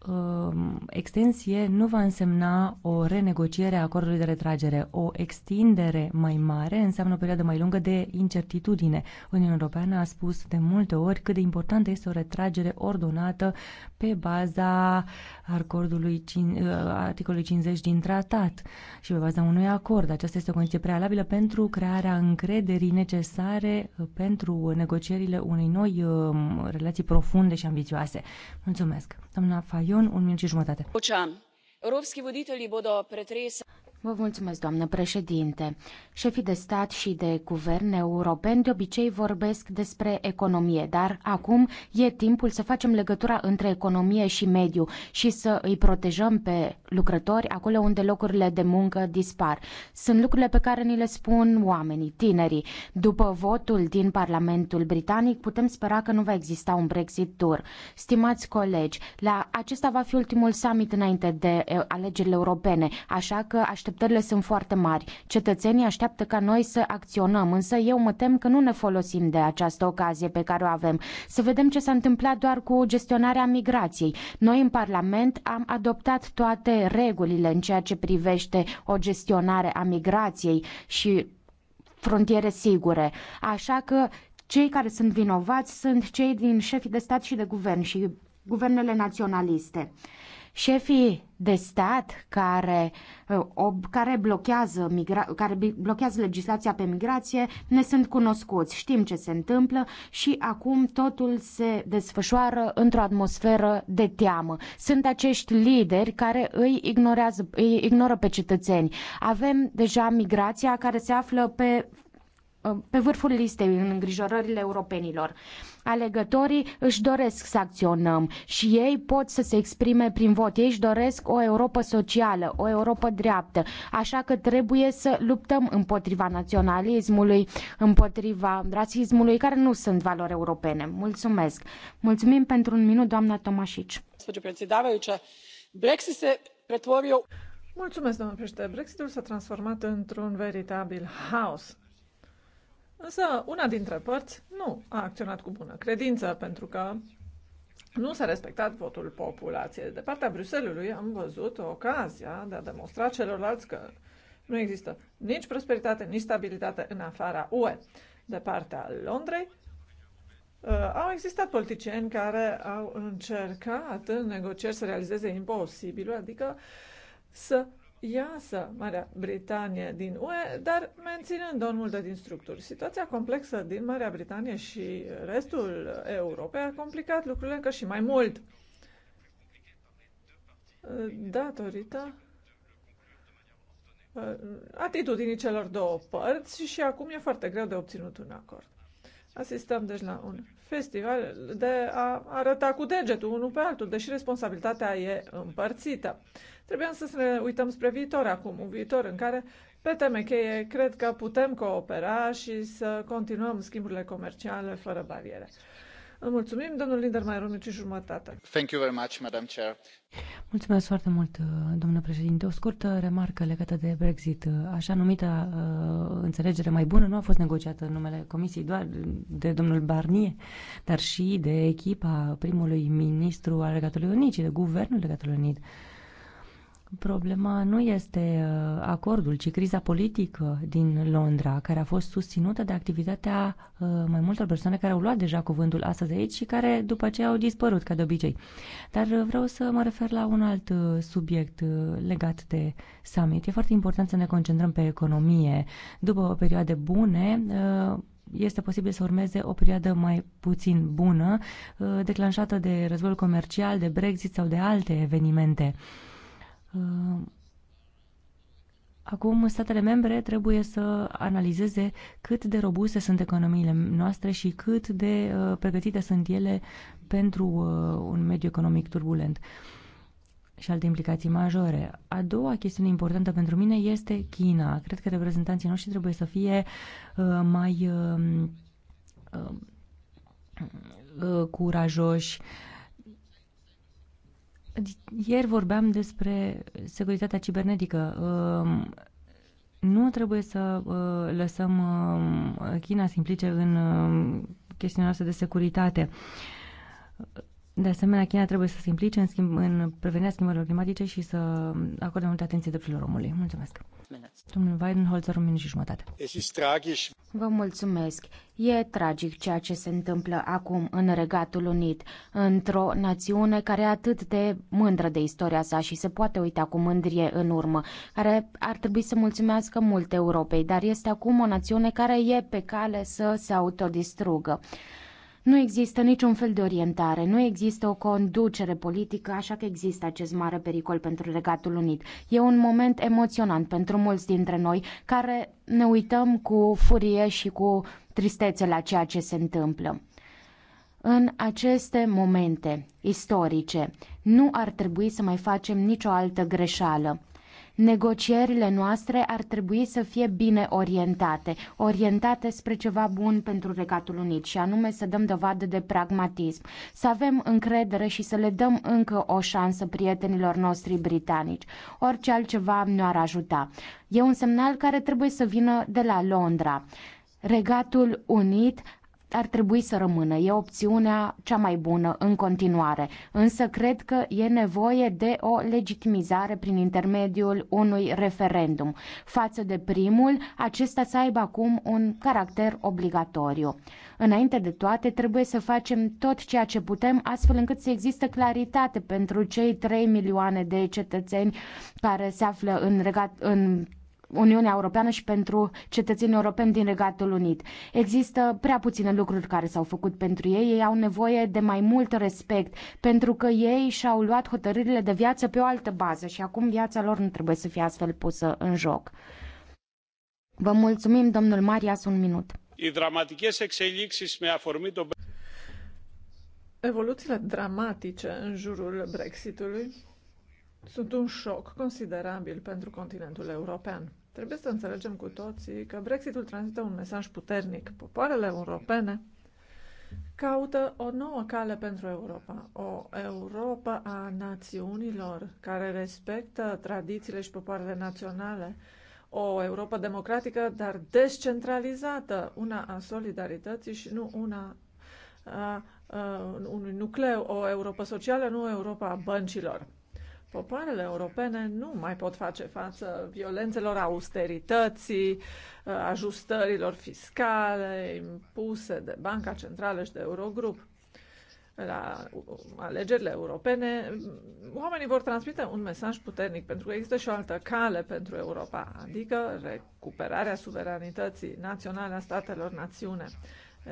Um, extensie nu va însemna o renegociere a acordului de retragere. O extindere mai mare înseamnă o perioadă mai lungă de incertitudine. Uniunea Europeană a spus de multe ori cât de importantă este o retragere ordonată pe baza acordului uh, articolului 50 din tratat și pe baza unui acord. Aceasta este o condiție prealabilă pentru crearea încrederii necesare pentru negocierile unei noi um, relații profunde și ambițioase. Mulțumesc. Doamna Fayon, un minut și jumătate Vă mulțumesc, doamnă președinte. Șefii de stat și de guvern europeni de obicei vorbesc despre economie, dar acum e timpul să facem legătura între economie și mediu și să îi protejăm pe lucrători acolo unde locurile de muncă dispar. Sunt lucrurile pe care ni le spun oamenii, tinerii. După votul din Parlamentul Britanic putem spera că nu va exista un Brexit dur. Stimați colegi, la acesta va fi ultimul summit înainte de eh, alegerile europene, așa că aș așteptările sunt foarte mari. Cetățenii așteaptă ca noi să acționăm, însă eu mă tem că nu ne folosim de această ocazie pe care o avem. Să vedem ce s-a întâmplat doar cu gestionarea migrației. Noi în Parlament am adoptat toate regulile în ceea ce privește o gestionare a migrației și frontiere sigure. Așa că cei care sunt vinovați sunt cei din șefii de stat și de guvern și guvernele naționaliste. Șefii de stat care, uh, care, blochează, migra- care blochează legislația pe migrație ne sunt cunoscuți, știm ce se întâmplă și acum totul se desfășoară într-o atmosferă de teamă. Sunt acești lideri care îi, ignorează, îi ignoră pe cetățeni. Avem deja migrația care se află pe pe vârful listei în îngrijorările europenilor. Alegătorii își doresc să acționăm și ei pot să se exprime prin vot. Ei își doresc o Europa socială, o Europa dreaptă, așa că trebuie să luptăm împotriva naționalismului, împotriva rasismului, care nu sunt valori europene. Mulțumesc! Mulțumim pentru un minut, doamna Tomașici. Brexit se pretvorio... Mulțumesc, domnule președinte. Brexitul s-a transformat într-un veritabil haos Însă, una dintre părți nu a acționat cu bună credință, pentru că nu s-a respectat votul populației. De partea Bruselului am văzut ocazia de a demonstra celorlalți că nu există nici prosperitate, nici stabilitate în afara UE. De partea Londrei uh, au existat politicieni care au încercat în negocieri să realizeze imposibilul, adică să iasă Marea Britanie din UE, dar menținând-o în multe din structuri. Situația complexă din Marea Britanie și restul Europei a complicat lucrurile încă și mai mult. Datorită uh, atitudinii celor două părți și acum e foarte greu de obținut un acord. Asistăm deci la un festival de a arăta cu degetul unul pe altul, deși responsabilitatea e împărțită. Trebuie însă să ne uităm spre viitor acum, un viitor în care, pe teme cheie, cred că putem coopera și să continuăm schimburile comerciale fără bariere. Mulțumim, domnul Lindermayer, un și jumătate. Thank you very much, Madam Chair. Mulțumesc foarte mult, uh, domnule președinte. O scurtă remarcă legată de Brexit. Uh, așa numita uh, înțelegere mai bună nu a fost negociată în numele Comisiei doar de domnul Barnier, dar și de echipa primului ministru al Regatului Unit și de guvernul Regatului Unit. Uh, Problema nu este uh, acordul, ci criza politică din Londra, care a fost susținută de activitatea uh, mai multor persoane care au luat deja cuvântul astăzi aici și care după aceea au dispărut, ca de obicei. Dar uh, vreau să mă refer la un alt subiect legat de summit. E foarte important să ne concentrăm pe economie. După o perioadă bune, este posibil să urmeze o perioadă mai puțin bună, declanșată de războiul comercial, de Brexit sau de alte evenimente. Uh, acum, statele membre trebuie să analizeze cât de robuste sunt economiile noastre și cât de uh, pregătite sunt ele pentru uh, un mediu economic turbulent și alte implicații majore. A doua chestiune importantă pentru mine este China. Cred că reprezentanții noștri trebuie să fie uh, mai uh, uh, curajoși, uh, ieri vorbeam despre securitatea cibernetică. Ehm, nu trebuie să eh, lăsăm ehm, China să implice în ehm, chestiunea noastră de securitate. De asemenea, China trebuie să se implice în, schimb, în prevenirea schimbărilor climatice și să acorde multă atenție drepturilor omului. Mulțumesc! Domnul Weidenholzer, un minut și jumătate. Vă mulțumesc. E tragic ceea ce se întâmplă acum în Regatul Unit, într-o națiune care e atât de mândră de istoria sa și se poate uita cu mândrie în urmă, care ar trebui să mulțumească mult Europei, dar este acum o națiune care e pe cale să se autodistrugă. Nu există niciun fel de orientare, nu există o conducere politică, așa că există acest mare pericol pentru Regatul Unit. E un moment emoționant pentru mulți dintre noi care ne uităm cu furie și cu tristețe la ceea ce se întâmplă. În aceste momente istorice nu ar trebui să mai facem nicio altă greșeală. Negocierile noastre ar trebui să fie bine orientate, orientate spre ceva bun pentru Regatul Unit și anume să dăm dovadă de pragmatism, să avem încredere și să le dăm încă o șansă prietenilor noștri britanici. Orice altceva nu ar ajuta. E un semnal care trebuie să vină de la Londra. Regatul Unit ar trebui să rămână. E opțiunea cea mai bună în continuare. Însă cred că e nevoie de o legitimizare prin intermediul unui referendum. Față de primul, acesta să aibă acum un caracter obligatoriu. Înainte de toate, trebuie să facem tot ceea ce putem astfel încât să există claritate pentru cei 3 milioane de cetățeni care se află în, regat, în Uniunea Europeană și pentru cetățenii europeni din Regatul Unit. Există prea puține lucruri care s-au făcut pentru ei, ei au nevoie de mai mult respect, pentru că ei și-au luat hotărârile de viață pe o altă bază și acum viața lor nu trebuie să fie astfel pusă în joc. Vă mulțumim, domnul Marias, un minut. Evoluțiile dramatice în jurul Brexitului sunt un șoc considerabil pentru continentul european. Trebuie să înțelegem cu toții că Brexitul transmite un mesaj puternic. Popoarele europene caută o nouă cale pentru Europa, o Europa a națiunilor care respectă tradițiile și popoarele naționale, o Europa democratică, dar descentralizată, una a solidarității și nu una a, a unui nucleu, o Europa socială, nu o Europa a băncilor. Popoarele europene nu mai pot face față violențelor austerității, ajustărilor fiscale impuse de Banca Centrală și de Eurogrup. La alegerile europene, oamenii vor transmite un mesaj puternic, pentru că există și o altă cale pentru Europa, adică recuperarea suveranității naționale a statelor națiune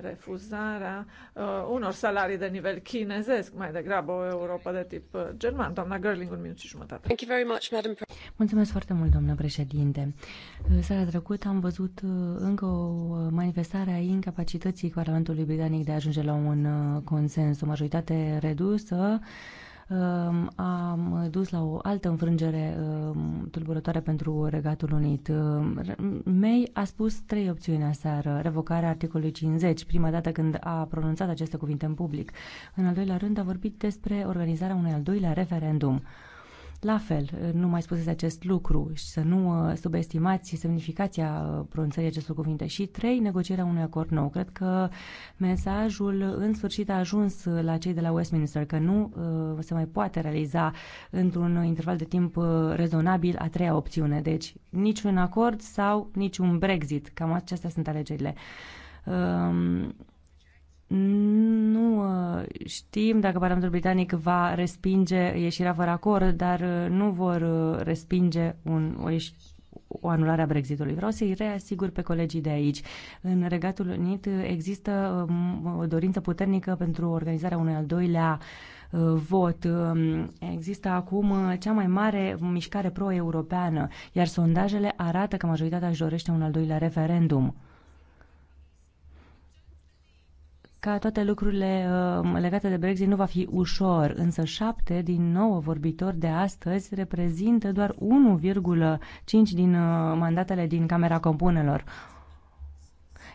refuzarea uh, unor salarii de nivel chinezesc, mai degrabă o Europa de tip uh, german. Doamna Gerling, un minut și jumătate. Thank you very much, Madam Mulțumesc foarte mult, doamnă președinte. Uh, seara trecută am văzut uh, încă o uh, manifestare a incapacității Parlamentului Britanic de a ajunge la un consens, o majoritate redusă uh, Ehm, a dus la o altă înfrângere ehm, tulburătoare pentru Regatul Unit. Ehm, May a spus trei opțiuni aseară. Revocarea articolului 50, prima dată când a pronunțat aceste cuvinte în public. În al doilea rând a vorbit despre organizarea unui al doilea referendum. La fel, nu mai spuseți acest lucru și să nu uh, subestimați semnificația uh, pronunțării acestor cuvinte. Și trei, negocierea unui acord nou. Cred că mesajul în sfârșit a ajuns uh, la cei de la Westminster că nu se mai poate realiza într-un interval de timp rezonabil a treia opțiune. Deci, niciun acord sau niciun Brexit. Cam acestea sunt alegerile. Um, nu uh, știm dacă Parlamentul Britanic va respinge ieșirea fără acord, dar uh, nu vor uh, respinge un, o, ieși, o anulare a Brexitului. Vreau să-i reasigur pe colegii de aici. În Regatul Unit există um, o dorință puternică pentru organizarea unui al doilea vot. Um, există acum cea mai mare mișcare pro-europeană, iar sondajele arată că majoritatea își dorește un al doilea referendum. ca toate lucrurile um, legate de Brexit nu va fi ușor, însă șapte din nouă vorbitori de astăzi reprezintă doar 1,5 din uh, mandatele din Camera Compunelor.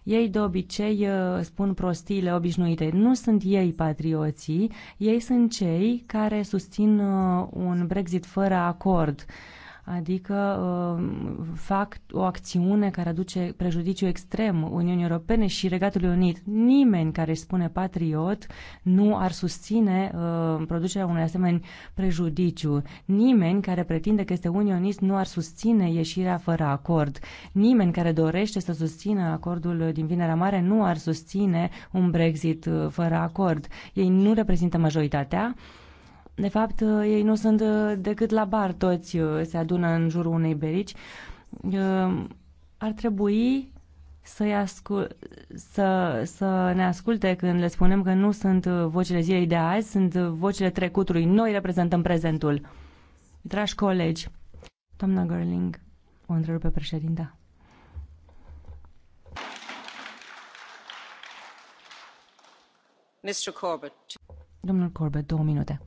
Ei de obicei uh, spun prostiile obișnuite. Nu sunt ei patrioții, ei sunt cei care susțin uh, un Brexit fără acord. Uh, adică uh, fac o acțiune care aduce prejudiciu extrem Uniunii Europene și Regatului Unit. Nimeni care își spune patriot nu ar susține uh, producerea unui asemenea prejudiciu. Nimeni care pretinde că este unionist nu ar susține ieșirea fără acord. Nimeni care dorește să susțină acordul din Vinerea Mare nu ar susține un Brexit uh, fără acord. Ei nu reprezintă majoritatea de fapt, eh, ei nu sunt eh, decât la bar, toți eh, se adună în jurul unei berici. Ar trebui să-i ascul- să, să ne asculte când le spunem că nu sunt vocile zilei de azi, sunt vocile trecutului. Noi reprezentăm prezentul. Dragi colegi, doamna Gerling, o întrerupe președinta. Mr. Corbett. Domnul Corbett, două minute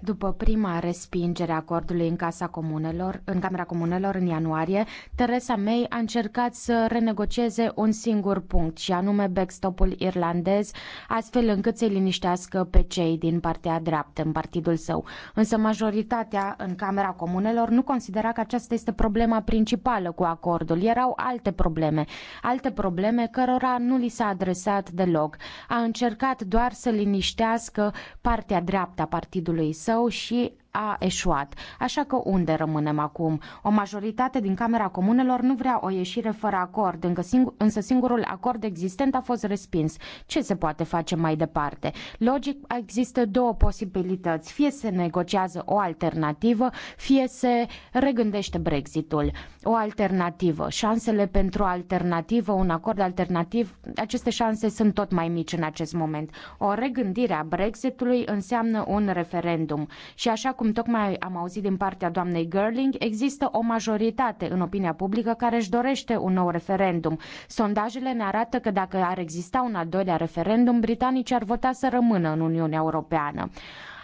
după prima respingere a acordului în, Casa comunelor, în Camera Comunelor în ianuarie, Theresa May a încercat să renegocieze un singur punct, și anume backstop-ul irlandez, astfel încât să-i liniștească pe cei din partea dreaptă, în partidul său. Însă majoritatea în Camera Comunelor nu considera că aceasta este problema principală cu acordul. Erau alte probleme, alte probleme cărora nu li s-a adresat deloc. A încercat doar să liniștească folosească partea dreaptă a partidului său și a eșuat. Așa că unde rămânem acum? O majoritate din Camera Comunelor nu vrea o ieșire fără acord, încă însă singurul acord existent a fost respins. Ce se poate face mai departe? Logic, există două posibilități. Fie se negociază o alternativă, fie se regândește Brexitul. O alternativă, șansele pentru o alternativă, un acord alternativ, aceste șanse sunt tot mai mici în acest moment. O regândire a Brexitului înseamnă un referendum. Și așa cum cum tocmai am auzit din partea doamnei Gerling, există o majoritate în opinia publică care își dorește un nou referendum. Sondajele ne arată că dacă ar exista un al doilea referendum, britanicii ar vota să rămână în Uniunea Europeană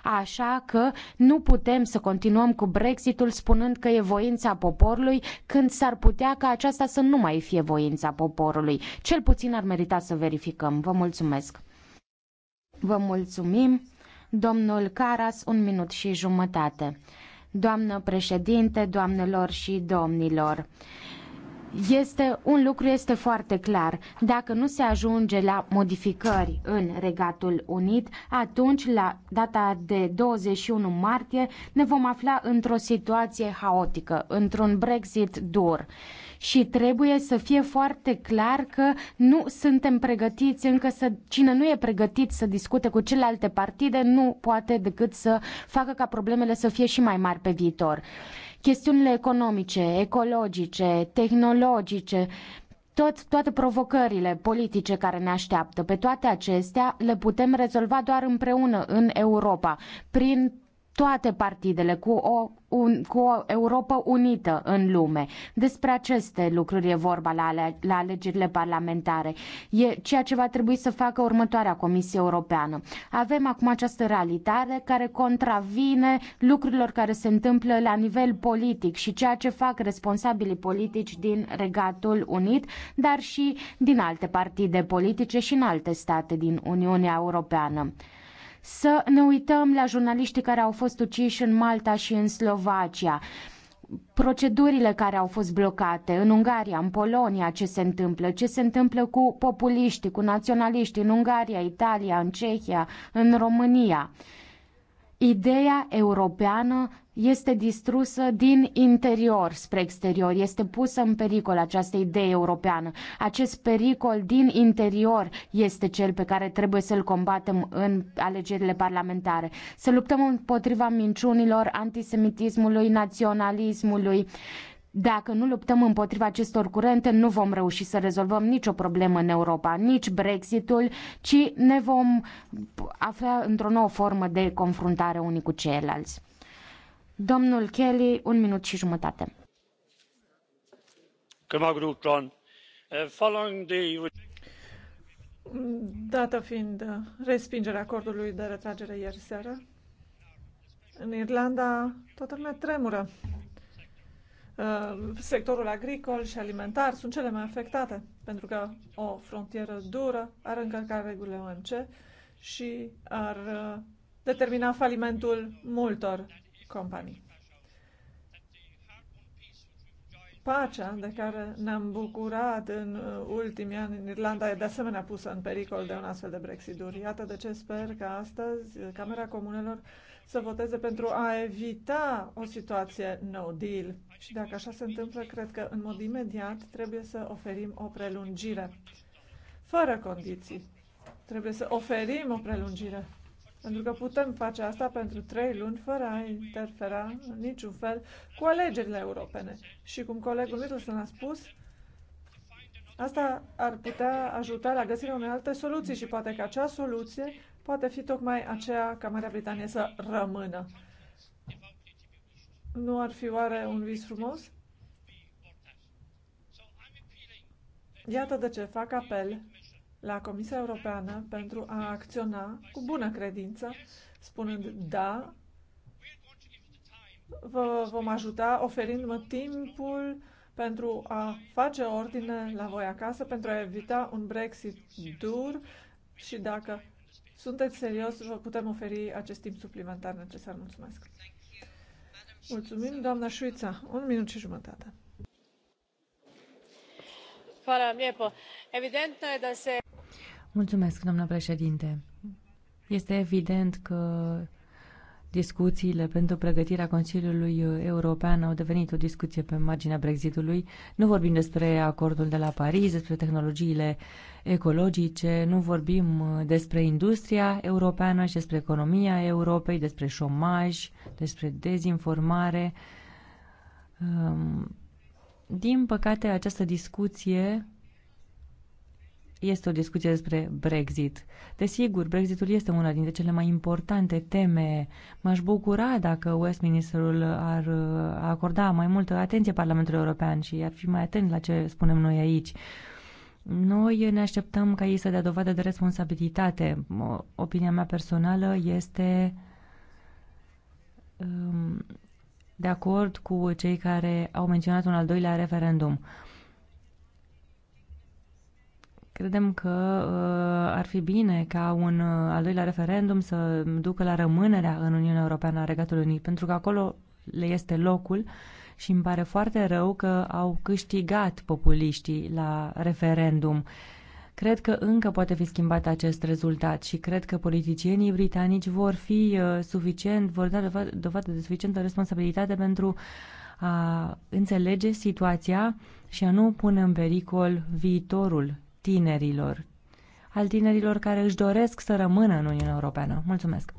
așa că nu putem să continuăm cu Brexitul spunând că e voința poporului, când s-ar putea ca aceasta să nu mai fie voința poporului. Cel puțin ar merita să verificăm. Vă mulțumesc! Vă mulțumim! Domnul Caras, un minut și jumătate. Doamnă președinte, doamnelor și domnilor, este, un lucru este foarte clar. Dacă nu se ajunge la modificări în Regatul Unit, atunci, la data de 21 martie, ne vom afla într-o situație haotică, într-un Brexit dur și trebuie să fie foarte clar că nu suntem pregătiți încă să, cine nu e pregătit să discute cu celelalte partide nu poate decât să facă ca problemele să fie și mai mari pe viitor. Chestiunile economice, ecologice, tehnologice, tot, toate provocările politice care ne așteaptă, pe toate acestea le putem rezolva doar împreună în Europa, prin toate partidele, cu o, un, cu o Europa unită în lume. Despre aceste lucruri e vorba la, ale, la alegerile parlamentare. E ceea ce va trebui să facă următoarea Comisie Europeană. Avem acum această realitate care contravine lucrurilor care se întâmplă la nivel politic și ceea ce fac responsabilii politici din Regatul Unit, dar și din alte partide politice și în alte state din Uniunea Europeană să ne uităm la jurnaliștii care au fost uciși în Malta și în Slovacia procedurile care au fost blocate în Ungaria, în Polonia, ce se întâmplă, ce se întâmplă cu populiștii, cu naționaliștii în Ungaria, Italia, în Cehia, în România. Ideea europeană este distrusă din interior spre exterior. Este pusă în pericol această idee europeană. Acest pericol din interior este cel pe care trebuie să-l combatem în alegerile parlamentare. Să luptăm împotriva minciunilor, antisemitismului, naționalismului. Dacă nu luptăm împotriva acestor curente, nu vom reuși să rezolvăm nicio problemă în Europa, nici Brexitul, ci ne vom afla într-o nouă formă de confruntare unii cu ceilalți. Domnul Kelly, un minut și jumătate. Dată fiind respingerea acordului de retragere ieri seară, în Irlanda toată lumea tremură. Uh, sectorul agricol și alimentar sunt cele mai afectate, pentru că o frontieră dură ar încărca regulile OMC și ar uh, determina falimentul multor Company. Pacea de care ne-am bucurat în uh, ultimii ani în Irlanda e de asemenea pusă în pericol de un astfel de Brexit Iată de ce sper că astăzi Camera Comunelor să voteze pentru a evita o situație no deal. Și dacă așa se întâmplă, cred că în mod imediat trebuie să oferim o prelungire. Fără condiții. Trebuie să oferim o prelungire pentru că putem face asta pentru trei luni fără a interfera în niciun fel cu alegerile europene. Și cum colegul Middleton a spus, asta ar putea ajuta la găsirea unei alte soluții și poate că acea soluție poate fi tocmai aceea ca Marea Britanie să rămână. Nu ar fi oare un vis frumos? Iată de ce fac apel la Comisia Europeană pentru a acționa cu bună credință, spunând da, vă vom ajuta oferindu-vă timpul pentru a face ordine la voi acasă, pentru a evita un Brexit dur și dacă sunteți serios, vă putem oferi acest timp suplimentar necesar. Mulțumesc! Mulțumim, doamna Șuița. Un minut și jumătate. Hvala vam lijepo. Evidentno je da se Mulțumesc, doamnă președinte. Este evident că discuțiile pentru pregătirea Consiliului European au devenit o discuție pe marginea Brexitului. Nu vorbim despre acordul de la Paris, despre tehnologiile ecologice, nu vorbim despre industria europeană și despre economia Europei, despre șomaj, despre dezinformare. Ehm, din păcate, această discuție este o discuție despre Brexit. Desigur, Brexitul este una dintre cele mai importante teme. M-aș bucura dacă Westminsterul ar uh, acorda mai multă atenție Parlamentului European și ar fi mai atent la ce spunem noi aici. Noi ne așteptăm ca ei să dea dovadă de responsabilitate. Opinia mea personală este um, de acord cu cei care au menționat un al doilea referendum. Credem că uh, ar fi bine ca un uh, al doilea referendum să ducă la rămânerea în Uniunea Europeană a Regatului Unit, pentru că acolo le este locul și îmi pare foarte rău că au câștigat populiștii la referendum. Cred că încă poate fi schimbat acest rezultat și cred că politicienii britanici vor fi uh, suficient, vor da dovadă de suficientă responsabilitate pentru a înțelege situația și a nu pune în pericol viitorul tinerilor, al tinerilor care își doresc să rămână în Uniunea Europeană. Mulțumesc!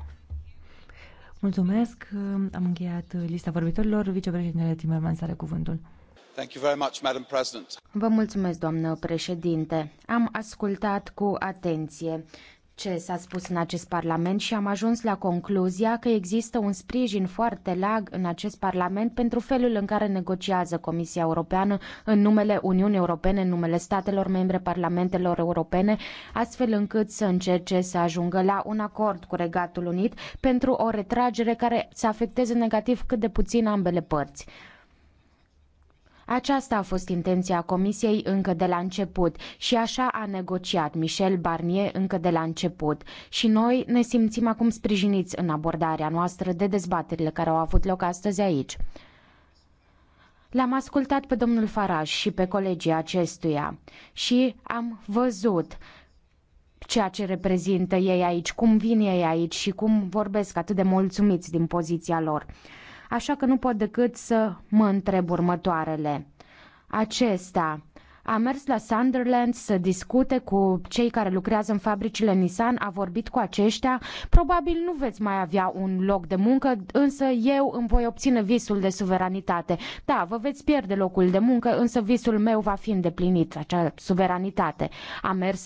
Mulțumesc! Am încheiat lista vorbitorilor. Vicepreședintele Timmermans are cuvântul. Vă mulțumesc, doamnă președinte. Am ascultat cu atenție ce s-a spus în acest Parlament și am ajuns la concluzia că există un sprijin foarte larg în acest Parlament pentru felul în care negociază Comisia Europeană în numele Uniunii Europene, în numele statelor membre Parlamentelor Europene, astfel încât să încerce să ajungă la un acord cu Regatul Unit pentru o retragere care să afecteze negativ cât de puțin ambele părți. Aceasta a fost intenția Comisiei încă de la început și așa a negociat Michel Barnier încă de la început. Și noi ne simțim acum sprijiniți în abordarea noastră de dezbaterile care au avut loc astăzi aici. L-am ascultat pe domnul Faraj și pe colegii acestuia și am văzut ceea ce reprezintă ei aici, cum vin ei aici și cum vorbesc atât de mulțumiți din poziția lor. Așa că nu pot decât să mă întreb următoarele. Acesta a mers la Sunderland să discute cu cei care lucrează în fabricile Nissan, a vorbit cu aceștia. Probabil nu veți mai avea un loc de muncă, însă eu îmi voi obține visul de suveranitate. Da, vă veți pierde locul de muncă, însă visul meu va fi îndeplinit, acea suveranitate. A mers